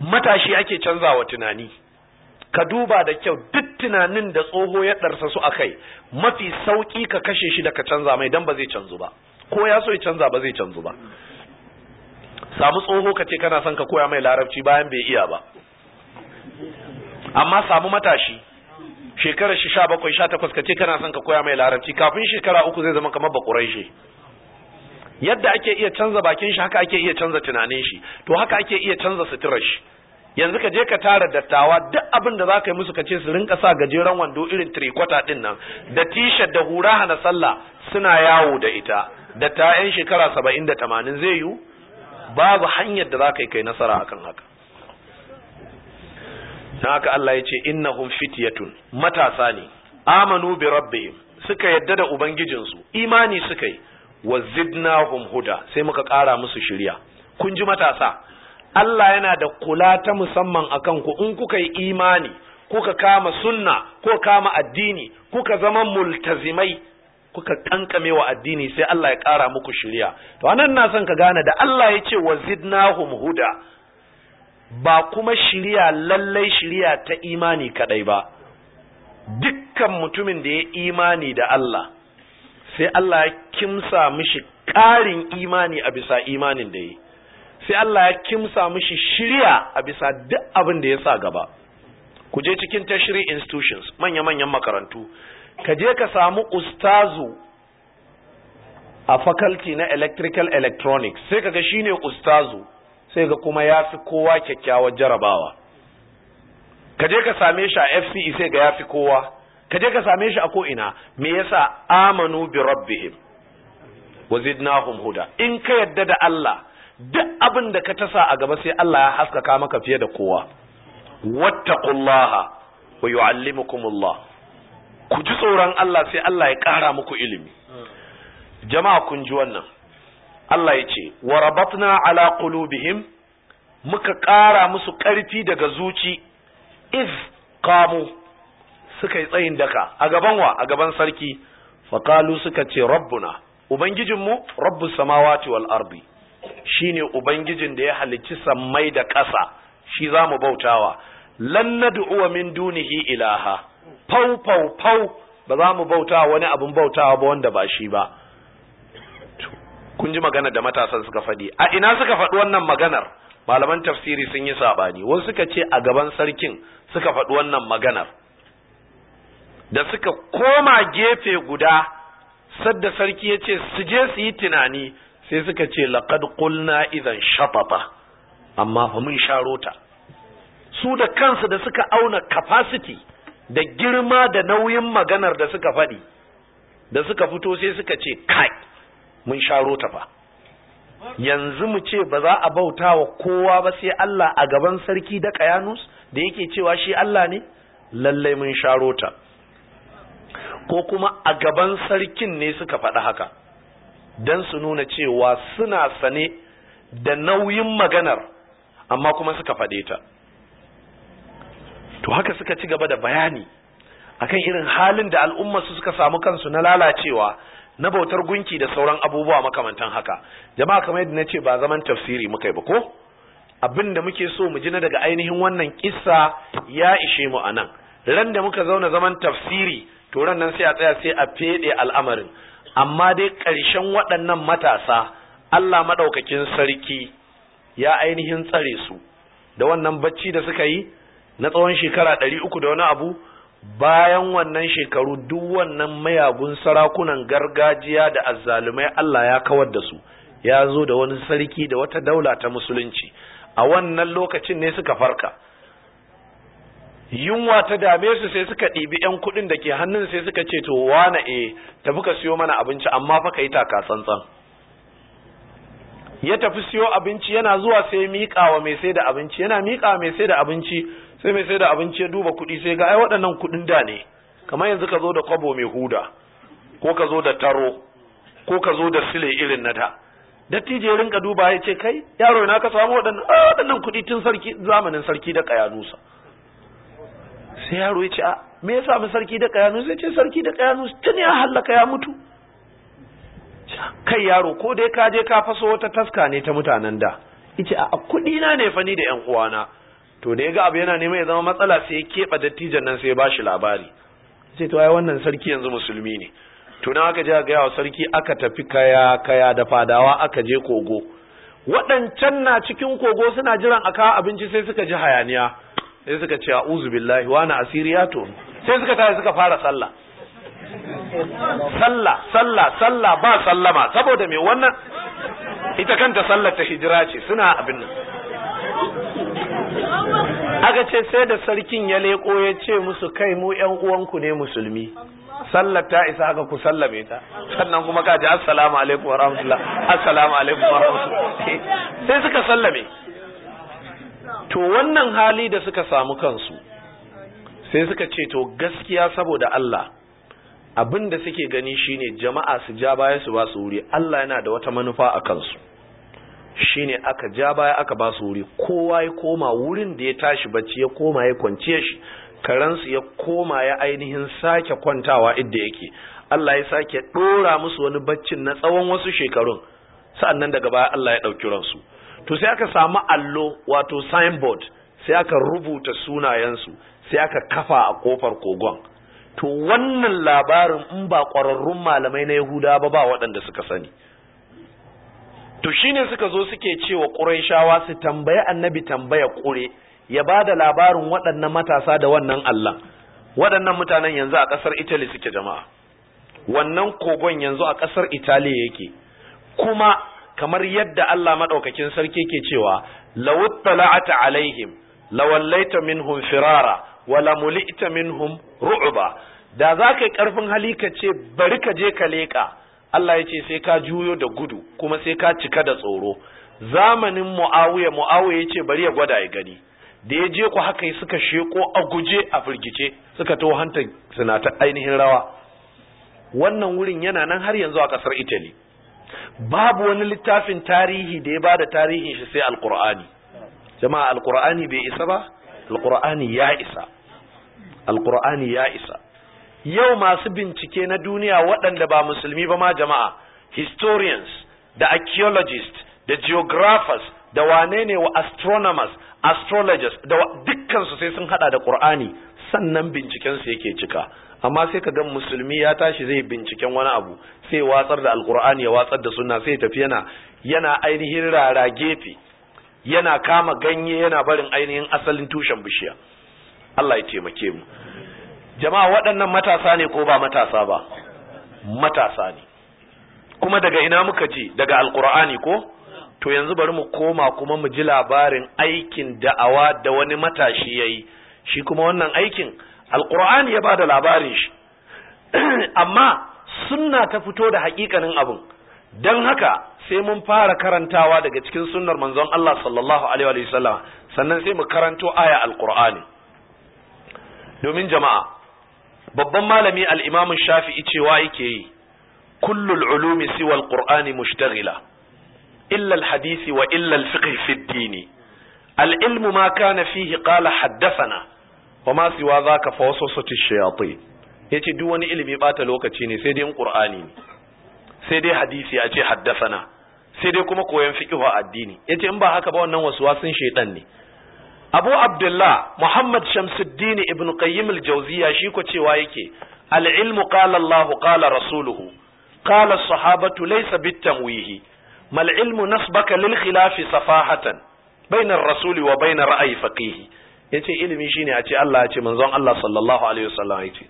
matashi ake canza wa tunani ka duba da kyau duk tunanin da tsoho ya ɗarsa su a kai mafi sauƙi ka kashe shi da ka canza mai don ba zai canzu ba ko ya so ya canza ba zai canzu ba samu tsoho ka ce kana son ka koya mai larabci bayan bai iya ba amma samu matashi shekarar shi sha bakwai sha takwas ka ce kana son ka koya mai larabci kafin shekara uku zai zama kamar bakurai shi yadda ake iya canza bakin shi haka ake iya canza tunanin shi to haka ake iya canza suturar shi yanzu ka je ka tara dattawa duk abin da za ka yi musu ka ce su rinka sa gajeren wando irin tirikwata din nan da t da hura hana sallah suna yawo da ita da ta yan shekara saba'in da tamanin zai yiwu babu hanyar da za ka yi kai nasara akan haka Na haka Allah ya ce innahum fityatun matasa ne amanu bi rabbihim suka yadda da ubangijinsu imani suka yi wa zidnahum huda sai muka ƙara musu shirya kun ji matasa Allah yana da kula ta musamman akan ku in kuka yi imani kuka kama sunna ko kama addini kuka zama multazimai kuka kankame wa addini sai Allah ya ƙara muku shirya to anan na son ka gane da Allah ya ce wa zidnahum huda ba kuma shiriya lallai shiriya ta imani kadai ba dukkan mutumin da ya imani da Allah sai Allah ya kimsa mishi ƙarin imani a bisa imanin da yi sai Allah ya kimsa mishi shiriya a bisa duk abin da ya sa gaba ku je cikin tashiri institutions manya-manyan makarantu ka je ka samu ustazu a faculty na electrical electronics sai ka kaga shine ustazu sai ga kuma ya fi kowa kyakkyawar jarabawa ka je ka same shi a fce sai ga ya fi kowa ka je ka same shi a ko'ina me yasa amanu bi rabbihim wa huda in ka yadda da Allah duk abin da ka tasa a gaba sai Allah ya haskaka maka fiye da kowa wattaqullaha wa yu'allimukumullah ku ji tsoron Allah sai Allah ya ƙara muku ilimi jama'a kun ji wannan Allah ya ce wa rabatna ala qulubihim muka ƙara musu ƙarfi daga zuci iz qamu suka yi tsayin daka a gaban wa a gaban sarki faqalu suka ce rabbuna ubangijinmu rabbus samawati wal ardi shine ubangijin da ya halicci sammai da ƙasa shi zamu bautawa lan nad'u min dunihi ilaha fau fau fau ba za mu bauta wani abun bautawa ba wanda ba shi ba kun ji magana da matasan suka faɗi a ina suka faɗi wannan maganar malaman tafsiri sun yi saɓani wasu suka ce a gaban sarkin suka faɗi wannan maganar da suka koma gefe guda sadda sarki ya ce su je su yi tunani sai suka ce laqad qulna idan shatata amma fa mun sharota su da kansu da suka auna capacity da girma da nauyin maganar da suka faɗi da suka fito sai suka ce kai mun sharo ta fa yanzu mu ce ba za a bauta wa kowa ba sai Allah a gaban sarki da kayanus da yake cewa shi Allah ne lallai mun sharo ta ko kuma a gaban sarkin ne suka faɗi haka don su nuna cewa suna sane da nauyin maganar amma kuma suka faɗe ta to haka suka ci gaba da bayani akan irin halin da al'umma su suka samu kansu na lalacewa na bautar gunki da sauran abubuwa makamantan haka jama'a kamar yadda nace ba zaman tafsiri muka yi ba ko abin da muke so mu ji na daga ainihin wannan kissa ya ishe mu anan ran da muka zauna zaman tafsiri to ran nan sai a tsaya sai a fede al'amarin amma dai ƙarshen waɗannan matasa Allah maɗaukakin sarki ya ainihin tsare su da wannan bacci da suka yi na tsawon shekara ɗari uku da wani abu bayan wannan shekaru duk wannan mayagun sarakunan gargajiya da azzalumai Allah ya kawar da su ya zo da wani sarki da wata daula ta musulunci a wannan lokacin ne suka farka yunwa ta dame su sai suka ɗibi 'yan kuɗin da ke hannun sai suka ce to wane e tafi ka siyo mana abinci amma fa ka yi taka tsantsan ya tafi siyo abinci yana zuwa sai miƙa wa mai sai da abinci yana miƙa mai sai da abinci sai mai sai da abinci ya duba kuɗi sai ga ai waɗannan kuɗin da ne kamar yanzu ka zo da kwabo mai huda ko ka zo da taro ko ka zo da sile irin na da dattijo rinka duba ya ce kai yaro na ka samu waɗannan ah, waɗannan kuɗi tun sarki zamanin sarki da kayanusa sai yaro ya ce a ah, me ya samu sarki da kayanusa ya ce sarki da kayanusa tun ya halaka ya mutu kai yaro ko dai ka je ka faso wata taska ne ta mutanen da yace a kuɗi na ne fani ni da ƴan uwana to da ya ga abu yana nema ya zama matsala sai ya keɓe dattijan nan sai ya shi labari sai to ai wannan sarki yanzu musulmi ne to na aka je ga yawa sarki aka tafi kaya kaya da fadawa aka je kogo waɗancan na cikin kogo suna jiran a kawo abinci sai suka ji hayaniya sai suka ce a'udhu billahi wa na asiriya to sai suka tafi suka fara sallah sallah sallah sallah ba sallama saboda me wannan ita kanta sallar ta hijira ce suna abin nan aka ce sai da sarkin ya leko ya ce musu kai mu yan uwanku ne musulmi sallar ta isa haka ku sallame ta sannan kuma ka ji assalamu alaikum wa rahmatullah assalamu alaikum wa rahmatullah sai suka sallame to wannan hali da suka samu kansu sai suka ce to gaskiya saboda Allah abin da suke gani shine jama'a su ja baya su ba su wuri Allah yana da wata manufa a kansu ne aka ja baya aka ba su wuri kowa ya koma wurin da ya tashi bacci ya koma ya kwance shi karansu ya koma ya ainihin sake kwantawa idda yake Allah ya sake dora musu wani baccin na tsawon wasu shekarun sa'annan daga baya Allah ya dauki ransu to sai aka samu allo wato signboard sai aka rubuta sunayensu sai aka kafa a kofar kogon to wannan labarin in ba ƙwararrun malamai na Yahuda ba ba waɗanda suka sani to shine suka zo suke cewa quraishawa su tambaye annabi tambaya kure ya ba da labarin waɗannan matasa da wannan Allah waɗannan mutanen yanzu a ƙasar Italy suke jama'a wannan kogon yanzu a ƙasar Italiya yake kuma kamar yadda Allah madaukakin sarki ke cewa lawattala'ata alaihim lawallaita minhum firara wala mulita minhum ru'ba da ka yi karfin hali ka ce bari ka je ka leƙa. Allah ya ce sai ka juyo da gudu kuma sai ka cika da tsoro zamanin mu'awiya mu'awiya ya ce bari ya gwada ya gani da ya je ku haka suka sheko a guje a firgice suka to hanta suna ta ainihin rawa wannan wurin yana nan har yanzu a kasar italy babu wani littafin tarihi da ya bada tarihin shi sai alqur'ani jama'a alqur'ani bai isa ba alqur'ani ya isa alqur'ani ya isa yau masu bincike na duniya waɗanda ba musulmi ba ma jama'a historians da archaeologists da geographers da wane ne wa astronomers astrologers da dukkansu sai sun hada da qur'ani sannan bincikensu yake cika amma sai ka ga musulmi ya tashi zai binciken wani abu sai watsar da alqur'ani ya watsar da sunna sai tafi yana yana ainihin rara gefe yana kama ganye yana barin ainihin asalin tushen bishiya Allah ya taimake mu jama'a waɗannan matasa ne ko ba matasa ba matasa ne kuma daga ina muka ji daga alkur'ani ko to yanzu bari mu koma kuma mu ji labarin aikin da'awa da wani matashi yayi shi kuma wannan aikin alkur'ani ya bada labarin shi amma sunna ta fito da hakikanin abin dan haka sai mun fara karantawa daga cikin sunnar manzon Allah sallallahu alaihi wa sallam sannan sai mu karanto aya alkur'ani domin jama'a babban malami al'imamin shafi'i cewa yake yi kullul ulumi siwal al-qur'ani mushtaghila illa al-hadisi wa illa al-fiqh fi ad-din al-ilmu ma kana fihi qala haddathana wa ma siwa zaka fa waswasati shayatin yace duk wani ilimi bata lokaci ne sai dai in qur'ani ne sai dai hadisi a ce haddathana sai dai kuma koyon fiqh wa addini yace in ba haka ba wannan waswasin shaytan ne abu abdullah muhammad shamsuddin ibn qayyim al-jawziya shi ko cewa yake al-ilmu qala allah qala rasuluhu qala as-sahabatu laysa bit-tamwihi mal ilmu nasbaka lil khilafi safahatan bayna ar-rasuli wa bayna ra'yi faqihi yace ilimi shine a ce Allah ya ce manzon Allah sallallahu alaihi wasallam yace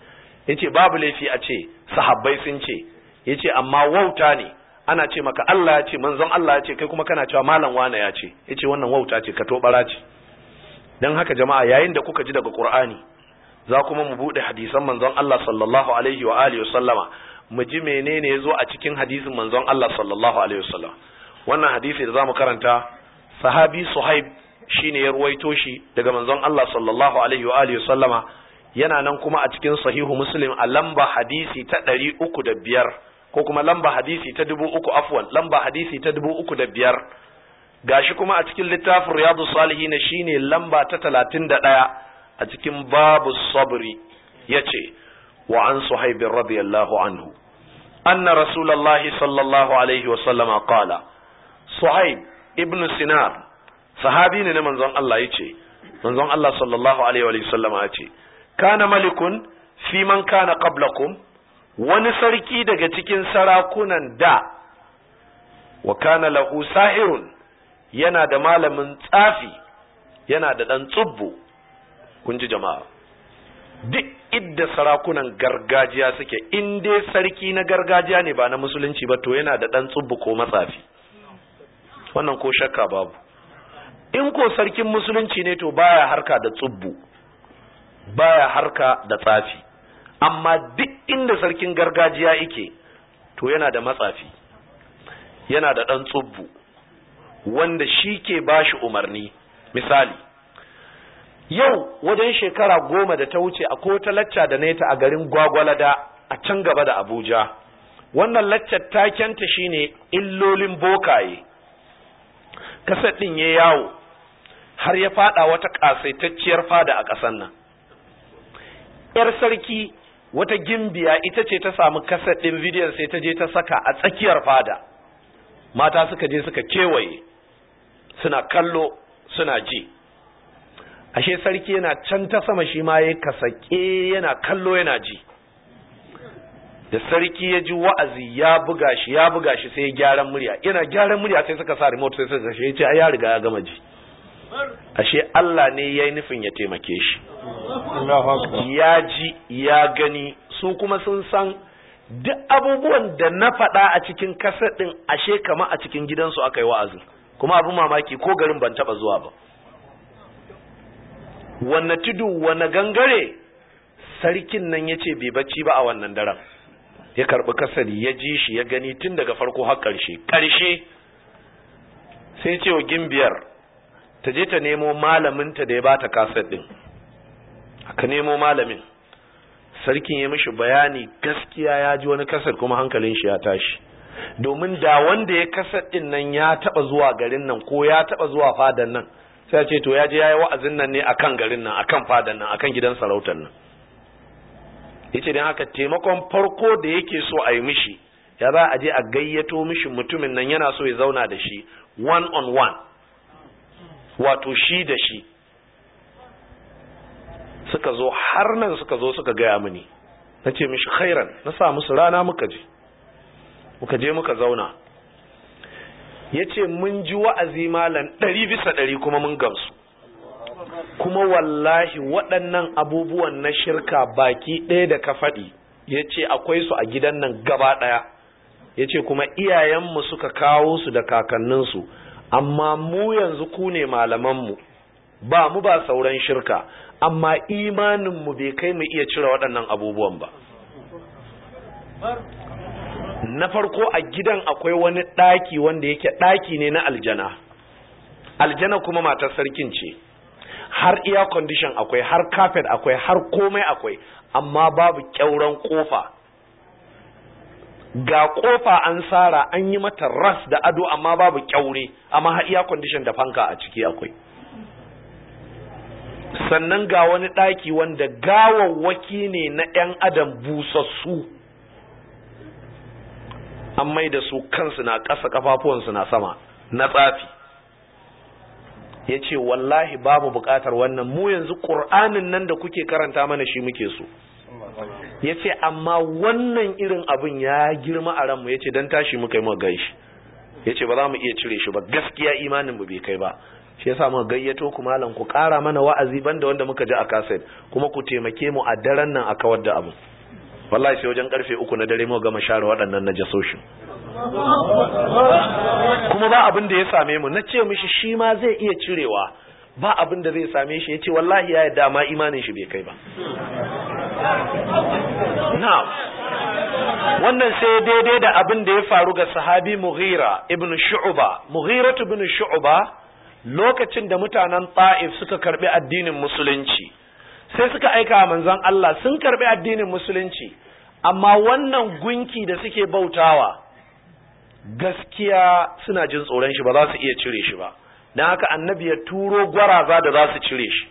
yace babu laifi a ce sahabbai sun ce yace amma wauta ne ana ce maka Allah ya ce manzon Allah ya ce kai kuma kana cewa malam wane ya ce yace wannan wauta ce ka to bara ce don haka jama'a yayin da kuka ji daga ƙur'ani za kuma mu buɗe hadisan manzon Allah sallallahu alaihi wa alihi wasallama mu ji menene yazo a cikin hadisin manzon Allah sallallahu alaihi wasallam wannan hadisi da zamu karanta sahabi suhaib shine ya ruwaito shi daga manzon Allah sallallahu alaihi wa alihi wasallama yana nan kuma a cikin sahihu muslim a lamba hadisi ta ɗari uku da biyar ko kuma lamba hadisi ta dubu uku afwan lamba hadisi ta dubu uku da biyar gashi kuma a cikin littafin riyadu na shine lamba ta talatin da ɗaya a cikin babu sabri ce wa an suhaib radiyallahu anhu anna rasulullahi sallallahu alaihi wa sallama qala suhaib ibn sinar sahabi ne na manzon Allah yace manzon Allah sallallahu alaihi wa sallama yace kana malikun fi man kana qablakum wani sarki daga cikin sarakunan da wa kana lahu sahirun yana da malamin tsafi yana da ɗan tsubbo kun ji jama'a duk idda sarakunan gargajiya suke in dai sarki na gargajiya ne ba na musulunci ba to yana da ɗan tsubbo ko matsafi wannan ko shakka babu in ko sarkin musulunci ne to baya harka da tsubbo baya harka da tsafi amma duk inda sarkin gargajiya yake to yana da matsafi yana da ɗan tsubbu wanda shi ke ba shi umarni misali yau wajen shekara goma da ta wuce a kota lacca da na ta a garin gwagwalada a can gaba da abuja wannan laccar takenta shine illolin bokaye kasar ɗin ya yawo har ya fada wata ƙasaitacciyar fada a ƙasar nan ‘yar sarki wata gimbiya ita ce ta samu kasar ɗin bidiyon sai ta je ta saka a tsakiyar fada mata suka je suka kewaye suna kallo suna ji ashe sarki yana can ta sama shi ma ya kasake yana kallo yana ji da sarki ya ji wa'azi ya buga shi ya buga shi sai ya gyaran murya yana gyaran murya sai suka sa remote sai suka shi ya ce ya riga ya gama ji ashe Allah ne ya yi nufin ya taimake shi ya ji ya gani su kuma sun san duk abubuwan da na faɗa a cikin kasar ɗin ashe kama a cikin gidansu aka yi wa'azin kuma abin mamaki ko garin ban taɓa zuwa ba wanne tudu wanne gangare sarkin nan ya ce bai bacci ba a wannan daren ya karɓi kasari ya ji shi ya gani tun daga farko har ƙarshe ƙarshe sai ce wa gimbiyar ta je ta nemo malaminta da ya ba ta kasar ɗin aka nemo malamin sarkin ya mishi bayani gaskiya ya ji wani kasar kuma hankalin shi ya tashi domin da wanda ya kasar din nan ya taba zuwa garin nan ko ya taba zuwa fadan nan sai ce to ya je yayi wa'azin nan ne akan garin nan akan fadan nan akan gidan sarautar nan yace dan haka taimakon farko da yake so a yi mishi ya za a je a gayyato mishi mutumin nan yana so ya zauna da shi one on one wato shi da shi suka zo har nan suka zo suka gaya mini na ce mishi khairan na sa musu rana muka je muka je muka zauna Yace ce mun ji wa'azi malam ɗari bisa ɗari kuma mun gamsu kuma wallahi waɗannan abubuwan na shirka baki ɗaya da ka faɗi ya akwai su a gidan nan gaba ɗaya Yace ce kuma iyayenmu suka kawo su da kakanninsu amma mu yanzu ku ne malamanmu ba mu ba sauran shirka amma imanin mu bai kai mu iya cire waɗannan abubuwan ba na farko a gidan akwai wani ɗaki wanda yake ɗaki ne na aljana aljana kuma matar sarkin ce har iya condition akwai har kafet akwai har komai akwai amma babu kyauran kofa ga kofa an tsara an yi mata ras da ado amma babu kyaure amma har iya condition da fanka a ciki akwai sannan ga wani ɗaki wanda gawawwaki ne na 'yan adam busassu an mai da su kansu na ƙasa ƙafafuwansu na sama na tsafi ya ce wallahi babu buƙatar wannan mu yanzu ƙur'anin nan da kuke karanta mana shi muke so ya ce amma wannan irin abin ya girma a ranmu ya ce don tashi muka yi magan shi ya ce ba za mu iya cire shi ba gaskiya imanin mu bai kai ba shi yasa muka gayyato ku malam ku ƙara mana wa'azi banda wanda muka ji a kaset kuma ku taimake mu a daren nan a kawar da abu wallahi sai wajen karfe uku na dare muka gama share waɗannan jasoshi kuma ba abin da ya same mu na ce mishi shi ma zai iya cirewa ba abin da zai same shi ya ce wallahi ya yadda ma imanin shi bai kai ba na wannan sai daidai da abin da ya faru ga sahabi mughira ibn shu'ba mughira ibn shu'ba lokacin da mutanen ta'if suka karbi addinin musulunci sai suka aika manzan Allah sun karbi addinin musulunci amma wannan gunki da suke bautawa gaskiya suna jin tsoron shi ba za su iya cire shi ba na haka annabi ya turo gwaraza da za su cire shi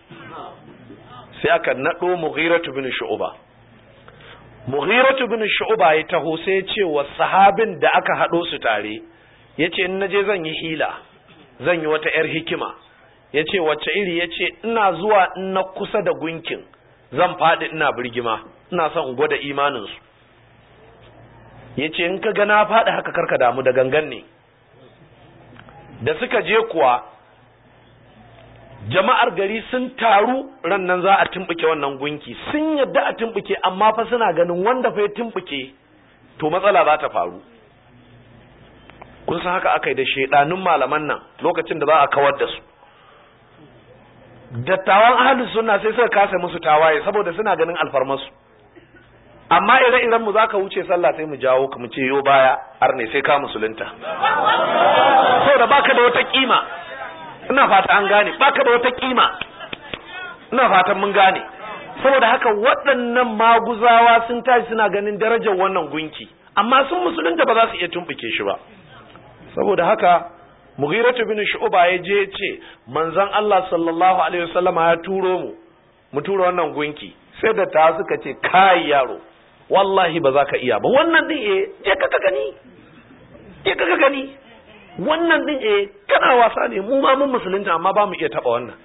sai aka naɗo mughiratu bin shu'uba mughiratu bin shu'uba ya taho sai ya ce wa sahabin da aka haɗo su tare yace ce in naje zan yi hila zan yi wata 'yar hikima ya ce wacce iri ya ce ina zuwa na kusa da gunkin zan faɗi ina birgima ina son gwada imaninsu ya ce in ka gana faɗi haka karka damu da gangan ne da suka je kuwa jama'ar gari sun taru rannan za a tumbuke wannan gunki sun yadda a tumbuke amma fa suna ganin wanda fa ya tumbuke to matsala za ta faru kun san haka aka yi da shaidanun malaman nan lokacin da za a kawar da su dattawan ahalus sunna sai suka kasa musu tawaye saboda suna ganin alfarmasu amma ire iren mu zaka wuce sallah sai mu jawo ka mu ce yo baya har ne sai ka musulunta saboda baka da wata kima ina fata an gane baka da wata kima ina fatan mun gane saboda haka waɗannan maguzawa sun tashi suna ganin darajar wannan gunki amma sun musulunta ba za su iya tumbuke shi ba saboda haka mughiratu bin shu'ba ya je ce manzon Allah sallallahu alaihi wasallama ya turo mu mu tura wannan gunki sai da ta suka ce kai yaro wallahi ba za ka iya ba wannan din eh je ka ka gani je ka ka gani wannan din eh kana wasa ne mu ma mun musulunta amma ba mu iya taba wannan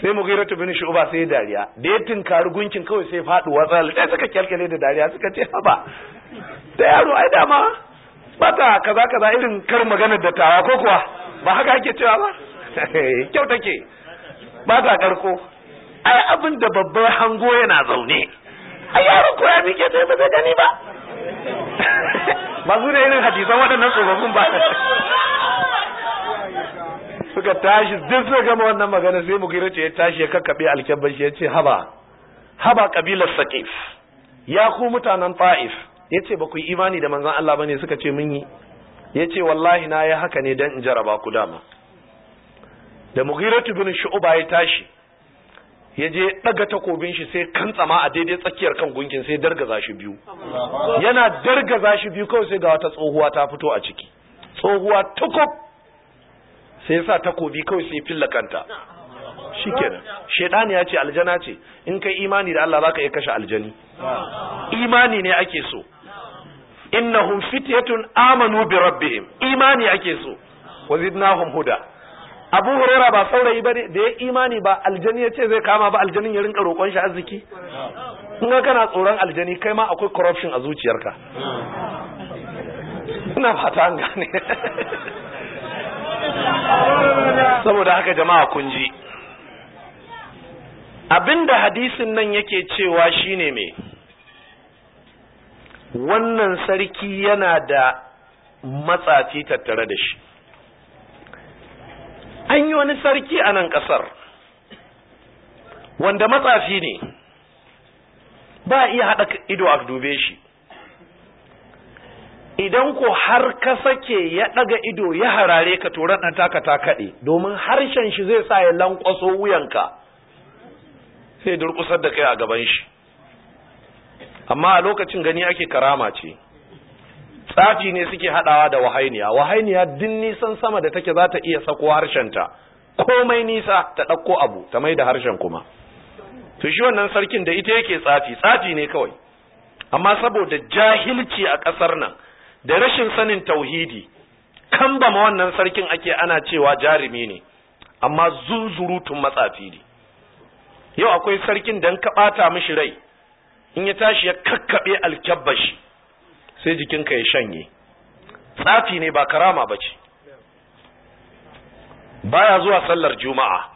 sai mughiratu bin shu'ba sai dariya da ya tinkari gunkin kawai sai faɗi watsal sai suka kyalkyale da dariya suka ce haba da yaro ai dama bata kaza kaza irin kar magana da tawa ko kuwa ba haka ake cewa ba kyau take ta karko ai abin da babbar hango yana zaune a yaron ko ya mike sai ba zai gani ba ba zuwa irin hadisan waɗannan tsofaffin ba suka tashi duk suka gama wannan magana sai mu ce ya tashi ya kakkabe alkyabban shi ya ce haba haba kabilar sakif ya ku mutanen ta'if yace ba ku yi imani da manzan Allah bane suka ce mun yi yace wallahi na ya haka ne don in jaraba ku dama da mughiratu bin shu'ba ya tashi ya je daga takobin shi sai kan tsama a daidai tsakiyar kan gunkin sai dargaza shi biyu yana dargaza shi biyu kawai sai ga wata tsohuwa ta fito a ciki tsohuwa tukub sai ya sa takobi kawai sai filla kanta shikenan shedani ya ce aljana ce in kai imani da Allah zaka iya kashe aljani imani ne ake so innahum fityatun amanu bi rabbihim imani ake so wa zidnahum huda abu hurairah ba saurayi ba da ya imani ba aljani ya ce zai kama ba Aljani ya rinka roƙon shi arziki in ga kana tsoron aljani kai ma akwai corruption a zuciyarka ina fata an gane saboda haka jama'a kun ji abinda hadisin nan yake cewa shine me wannan sarki yana da matsafi tattare da shi an yi wani sarki a nan ƙasar wanda matsafi ne ba iya haɗa ido a dube shi idan ko har ka sake ya ɗaga ido ya harare ka turan ɗan taka kaɗe domin harshen shi zai sa ya lankwaso wuyanka sai durƙusar da kai a gaban shi amma a lokacin gani ake karama ce tsafi ne suke hadawa da wahainiya wahainiya din nisan sama da take za ta iya sako harshen ta, komai nisa ta ɗauko abu ta mai da harshen kuma to shi wannan sarkin da ita yake tsafi tsafi ne kawai amma saboda jahilci a ƙasar nan da rashin sanin tauhidi kan ba ma wannan sarkin ake ana cewa jarumi ne amma zunzurutun matsafi ne yau akwai sarkin dan ka ɓata mishi rai in ya tashi ya kakkaɓe alkyabbashi sai jikinka ya shanye tsafi ne ba karama ba ce baya zuwa sallar juma'a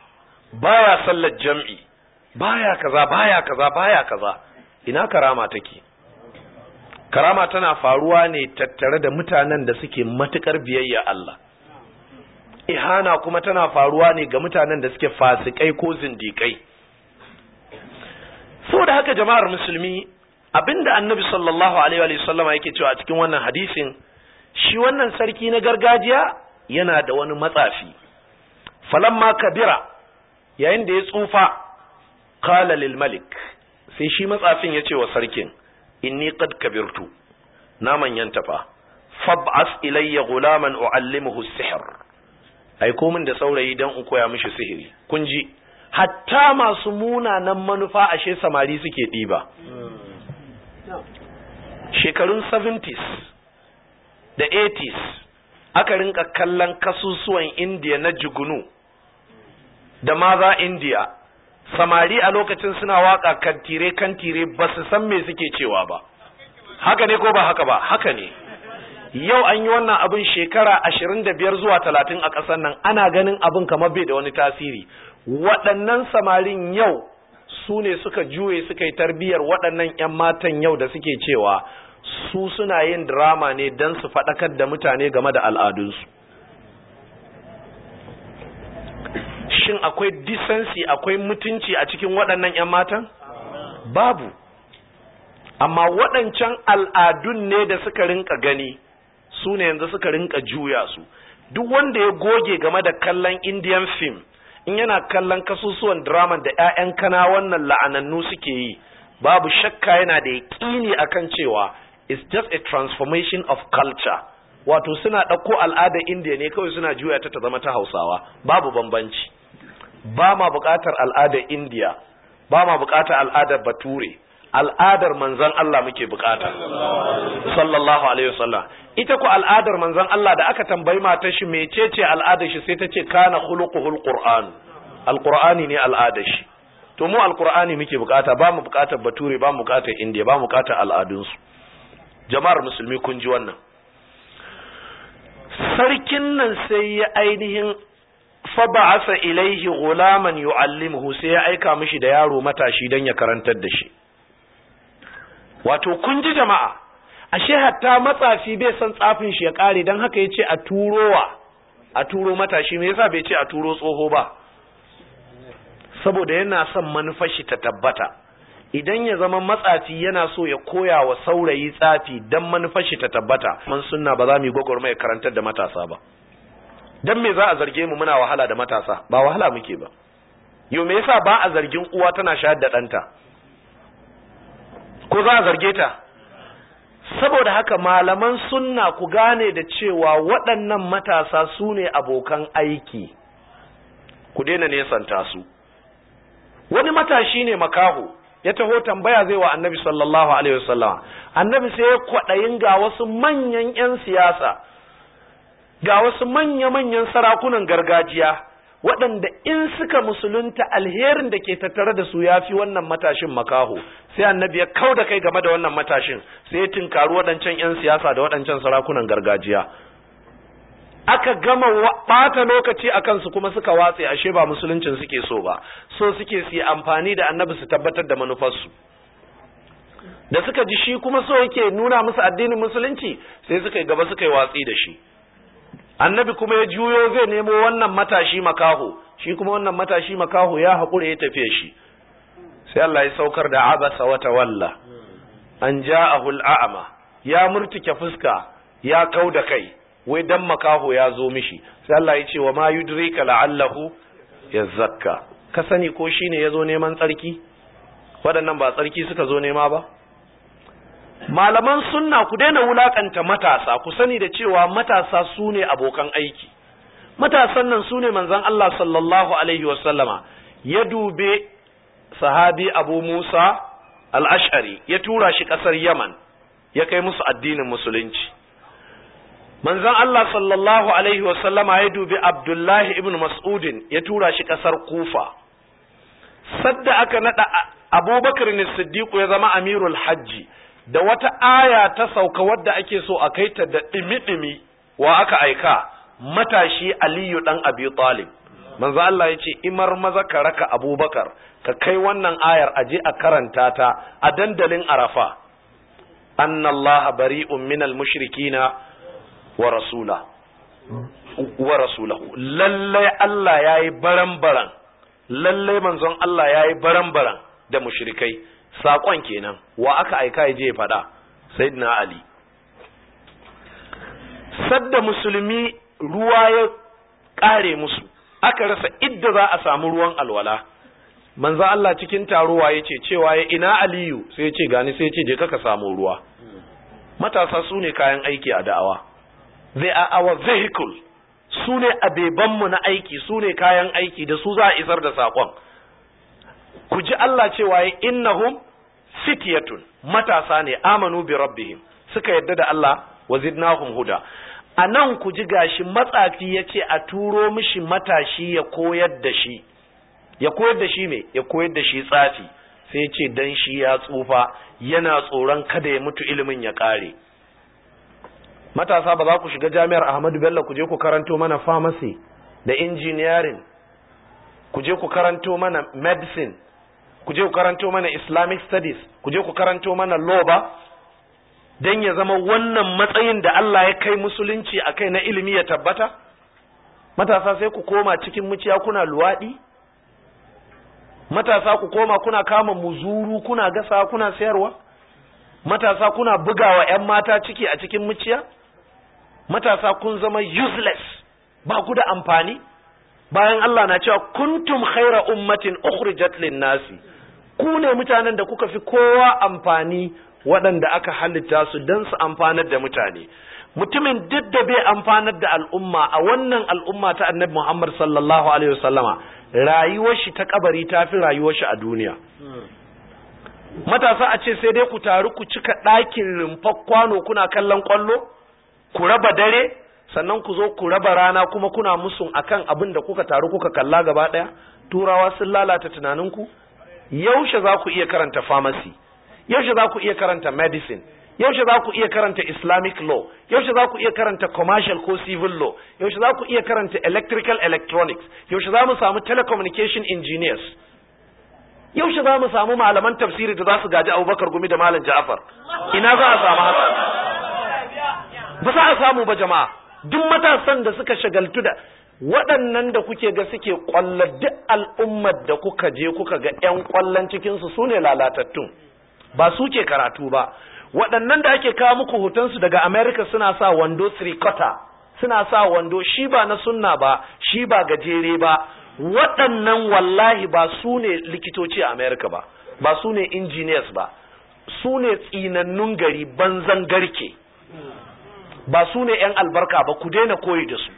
baya sallar jam'i baya kaza baya kaza baya kaza ina karama take karama tana faruwa ne tattare da mutanen da suke matukar biyayya Allah ihana kuma tana faruwa ne ga mutanen da suke fasikai ko zindikai saboda haka jama'ar musulmi abinda annabi sallallahu alaihi wa sallama yake cewa a cikin wannan hadisin shi wannan sarki na gargajiya yana da wani matsafi falamma kabira yayin da ya tsufa qala lil malik sai shi matsafin ya ce wa sarkin inni qad kabirtu na manyanta fa fab'as ilayya gulaman uallimuhu sihr Aiko min da saurayi dan in koya mishi sihiri kun ji hatta masu munanan manufa ashe samari suke ɗiba shekarun 70s da 80s aka rinka kallon kasusuwan indiya na Jugunu da maza indiya samari a lokacin suna waka kantire kantire ba su san me suke cewa ba haka ne ko ba haka ba haka ne yau an yi wannan abin shekara ashirin da biyar zuwa talatin a ƙasar nan ana ganin abin kamar bai da wani tasiri waɗannan samarin yau su ne suka juye suka yi tarbiyyar waɗannan 'yan matan yau da suke cewa su suna yin drama ne don su faɗakar da mutane game da al'adunsu shin akwai disansi akwai mutunci a cikin waɗannan 'yan matan babu amma waɗancan al'adun ne da suka rinka gani su ne yanzu suka rinka juya su duk wanda ya goge game da kallon indian film in yana kallon kasusuwan draman da 'ya'yan kana wannan la'anannu suke yi babu shakka yana da yaƙini kan cewa it's just a transformation of culture wato suna ɗauko al'adar indiya ne kawai suna juya ta ta zama ta hausawa babu bambanci ba ma buƙatar al'adar indiya ba ma buƙatar al'adar bature al'adar manzan Allah muke buƙata sallallahu alaihi wasallam ita ku al'adar manzon Allah da aka tambayi matar shi mecece al'adar shi sai ta ce kana khuluquhul qur'an alqur'ani ne al'adar shi to mu alqur'ani muke bukata ba mu bukatar bature ba mu bukatar indiya ba mu bukatar al'adun su jama'ar musulmi kun ji wannan sarkin nan sai ya ainihin faba'asa ilaihi ghulaman yu'allimuhu sai ya aika mishi da yaro matashi dan ya karantar da shi wato kun ji jama'a ashe hatta matsafi bai san tsafin shi ya kare don haka ya ce a turowa a turo matashi me yasa bai ce a turo tsoho ba saboda yana son manufar shi ta tabbata idan ya zama matsafi yana so ya koya wa saurayi tsafi don manufar shi ta tabbata man sunna ba za mu yi mai karantar da matasa ba don me za a zarge mu muna wahala da matasa ba wahala muke ba yau me yasa ba a zargin uwa tana shayar da ɗanta ko za a zarge ta saboda haka malaman sunna ku gane da cewa waɗannan matasa su ne abokan aiki ku daina nesanta su wani matashi ne makaho ya taho tambaya zai wa annabi sallallahu alaihi wasallam annabi sai ya kwaɗayin ga wasu manyan 'yan siyasa ga wasu manya-manyan sarakunan gargajiya waɗanda in suka musulunta alherin da ke tattare da su ya fi wannan matashin makaho sai annabi ya kau da kai game da wannan matashin sai ya tunkaru waɗancan 'yan siyasa da waɗancan sarakunan gargajiya aka gama ɓata lokaci a kansu kuma suka watse ashe ba musuluncin suke so ba so suke su yi amfani da annabi su tabbatar da manufarsu da suka ji shi kuma so yake nuna musu addinin musulunci sai suka yi gaba suka yi watsi da shi annabi kuma ya juyo zai nemo wannan matashi makaho shi kuma wannan matashi makaho ya haƙura ya tafiye shi sai Allah ya saukar da abasa wata walla an ja'ahu al'ama ya murtike fuska ya kau da kai wai dan makaho ya zo mishi sai Allah ya ce wa ma yudrika la'allahu yazakka ka sani ko shine yazo neman tsarki waɗannan ba tsarki suka zo nema ba malaman sunna ku daina wulakanta matasa ku sani da cewa matasa su ne abokan aiki matasan nan su ne manzon Allah sallallahu alaihi wasallama ya dube sahabi Abu Musa al-Ash'ari ya tura shi kasar Yaman ya kai musu addinin musulunci manzon Allah sallallahu alaihi wasallama ya dubi Abdullahi ibn Mas'udin ya tura shi ƙasar Kufa sadda aka naɗa Abubakar ne Siddiq ya zama Amirul Hajji da wata aya ta sauka wadda ake so a kaita da ɗimi-ɗimi wa aka aika matashi aliyu ɗan abi talib manzo Allah ya ce imar maza ka raka abubakar ka kai wannan ayar a a karanta ta a dandalin arafa annallaha bari'un minal mushrikina wa rasula wa rasulahu lallai Allah yayi baran-baran lallai manzon Allah yayi baran-baran da mushrikai saƙon kenan wa aka aika ya je faɗa sayyidina ali sadda musulmi ruwa ya ƙare musu aka rasa idda za a samu ruwan alwala manzo Allah cikin taruwa yace cewa ya ina aliyu sai yace gani sai ce je ka samu ruwa matasa su ne kayan aiki a da'awa they are our vehicle su ne abebanmu na aiki su ne kayan aiki da su za a isar da saƙon ku ji Allah cewa ya innahum fitiyatun matasa ne amanu bi rabbihim suka yadda da Allah wa zidnahum huda anan nan ku ji gashi matsafi yace a turo mishi matashi ya koyar da shi ya koyar da shi me ya koyar da shi tsafi sai ya ce dan shi ya tsufa yana tsoron kada ya mutu ilimin ya kare matasa ba za ku shiga jami'ar Ahmadu Bello ku je ku karanto mana pharmacy da engineering ku je ku karanto mana medicine ku je ku karanto mana islamic studies ku je ku karanto mana law ba dan ya zama wannan matsayin da Allah ya kai musulunci a kai na ilimi ya tabbata matasa sai ku koma cikin muciya kuna luwaɗi matasa ku koma kuna kama muzuru kuna gasa kuna sayarwa matasa kuna bugawa 'yan mata ciki a cikin muciya matasa kun zama useless ba ku da amfani bayan Allah na cewa kuntum khaira ummatin ukhrijat lin nasi ku ne mutanen da kuka fi kowa amfani waɗanda aka halitta su don su amfanar da mutane mutumin duk da bai amfanar da al'umma a wannan al'umma ta annabi Muhammad sallallahu alaihi wasallama rayuwar shi ta kabari ta fi rayuwar shi a duniya matasa a ce sai dai ku taru ku cika ɗakin rumfar kwano kuna kallon kwallo ku raba dare sannan ku zo ku raba rana kuma kuna musun akan abin da kuka taru kuka kalla gaba ɗaya turawa sun lalata tunaninku yaushe za ku iya karanta pharmacy yaushe za ku iya karanta medicine yaushe za ku iya karanta islamic law yaushe za ku iya karanta commercial ko civil law yaushe za ku iya karanta electrical electronics yaushe za mu samu telecommunication engineers yaushe za mu samu malaman tafsiri da za su gaji abubakar gumi da malam ja'afar ina za a samu haka ba za a samu ba jama'a duk matasan da suka shagaltu da waɗannan da kuke ga suke ƙwallar duk al'ummar da kuka je kuka ga 'yan ƙwallon cikinsu su ne lalatattun ba su ke karatu ba waɗannan da ake kawo muku hutunsu daga america suna sa wando sirikota suna sa wando shi ba na sunna ba shi ba gajere ba waɗannan wallahi ba su ne likitoci a america ba ba su ne engineers ba su ne tsinannun gari banzan garke ba su ne 'yan albarka ba ku daina koyi da su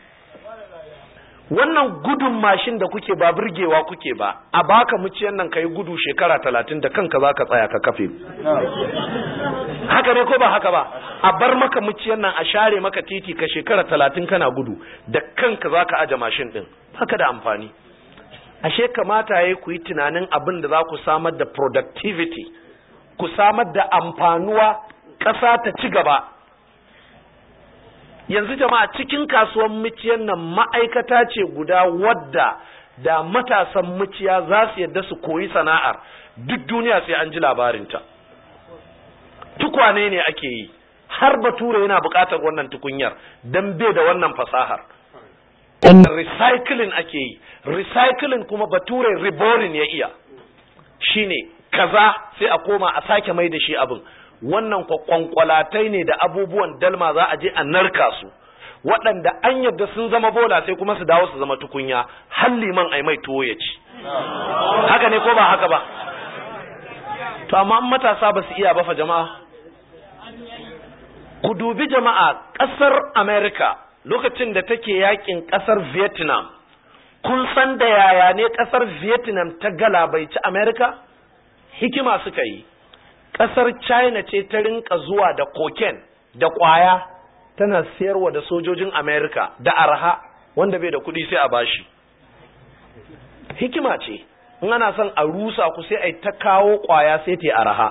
wannan gudun mashin da kuke ba burgewa kuke ba a baka muciyan nan kai gudu shekara talatin da kanka za ka tsaya ka kafe haka ne ko ba haka ba a bar maka muciyan nan a share maka titi ka shekara talatin kana gudu da kanka za ka aje mashin din haka da amfani ashe kamata ya ku yi tunanin abin da za ku samar da productivity ku samar da amfanuwa ƙasa ta ci gaba yanzu jama'a cikin kasuwan miciyan nan ma'aikata ce guda wadda da matasan miciya za su yadda su koyi sana'ar duk duniya sai an ji labarinta tukwane ne ake yi har bature yana buƙatar wannan tukunyar don bai da wannan fasahar recycling ake yi recycling kuma bature reborn ya iya shine kaza sai a koma a sake mai da shi abin wannan kwakwankwalatai ne da abubuwan dalma za a je a narka su waɗanda an yadda sun zama bola sai kuma su dawo su zama tukunya har liman ai mai tuwo ya ci haka ne ko ba haka ba to amma matasa ba su iya bafa jama'a ku dubi jama'a ƙasar Amerika lokacin da take yakin ƙasar Vietnam kun san da yaya ne ƙasar Vietnam ta galabaici Amerika? hikima suka yi ƙasar china ce ta rinka zuwa da koken da ƙwaya tana siyarwa da sojojin Amerika da arha wanda bai da kuɗi sai a bashi hikima ce in ana son a rusa ku sai a ta kawo ƙwaya sai ta yi arha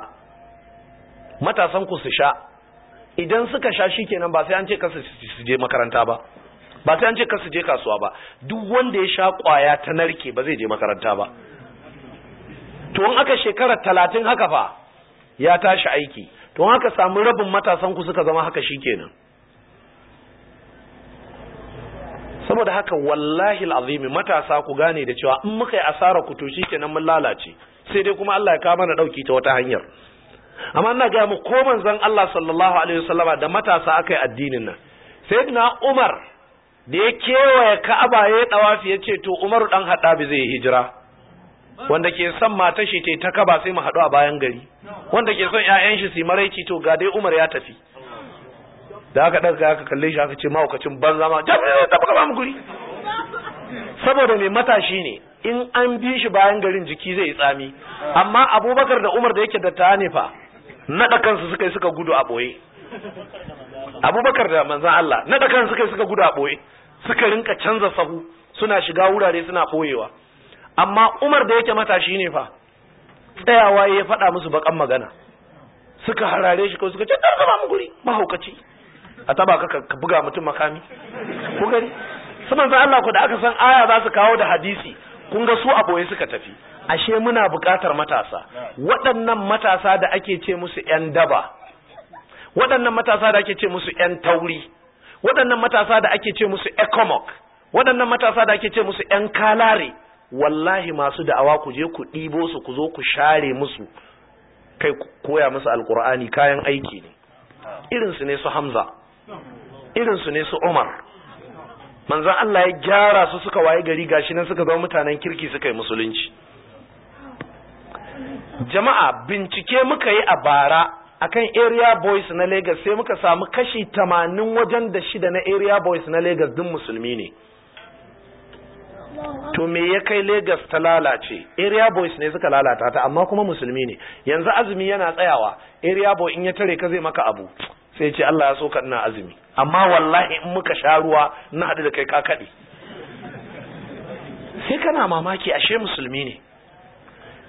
matasan ku su sha idan suka sha shi kenan ba sai an ce kasu su je makaranta ba ba sai an ce su je kasuwa ba duk wanda ya sha ƙwaya ta narke ba zai je makaranta ba to in aka shekara talatin haka fa ya tashi aiki to haka samu rabin matasan ku suka zama haka shikenan saboda haka wallahi alazim matasa ku gane da cewa in muka yi asara ku to shikenan mun lalace sai dai kuma Allah ya kawo mana dauki ta wata hanyar amma ina ga mu ko manzon Allah sallallahu alaihi wasallama da matasa akai addinin nan Sai sayyidina Umar da ya kewaye Ka'aba ya dawafi yace to Umar dan hada bi zai hijira wanda ke son mata shi ta kaba sai mu hadu a bayan gari wanda ke son ƴaƴan shi su maraici to ga dai Umar ya tafi da aka daga aka kalle shi aka ce mahaukacin banza ma jami'ai da baka bamu guri saboda mai matashi ne in an bi shi bayan garin jiki zai tsami amma abubakar da umar da yake da ta fa naɗa kansu suka yi suka gudu a ɓoye abubakar da manzan Allah naɗa kansu suka yi suka gudu a ɓoye suka rinka canza sahu suna shiga wurare suna ɓoyewa amma umar da yake matashi ne fa tsayawa ya faɗa musu bakan magana suka harare shi ko suka ce ɗan ba muguri guri mahaukaci a taba ka ka buga mutum makami ku gani saboda Allah ku da aka san aya za su kawo da hadisi kun ga su aboye suka tafi ashe muna buƙatar matasa waɗannan matasa da ake ce musu ƴan daba waɗannan matasa da ake ce musu ƴan tauri waɗannan matasa da ake ce musu ecomoc waɗannan matasa da ake ce musu ƴan kalare wallahi masu da'awa ku je ku ɗibo su ku zo ku share musu kai koya musu alkur'ani kayan aiki ne irinsu ne su hamza irinsu ne su umar manzan Allah ya gyara su suka waye gari gashi nan suka zama mutanen kirki suka yi musulunci jama'a bincike muka yi a bara akan area boys na Lagos sai muka samu kashi tamanin wajen da shida na area boys na Lagos din musulmi ne to me ya kai Lagos ta lalace area boys ne suka lalata ta amma kuma musulmi ne yanzu azumi yana tsayawa area boy in ya tare ka zai maka abu sai ce Allah ya so ka ina azumi amma wallahi in muka sha ruwa na haɗu da kai ka kaɗe sai kana mamaki ashe musulmi ne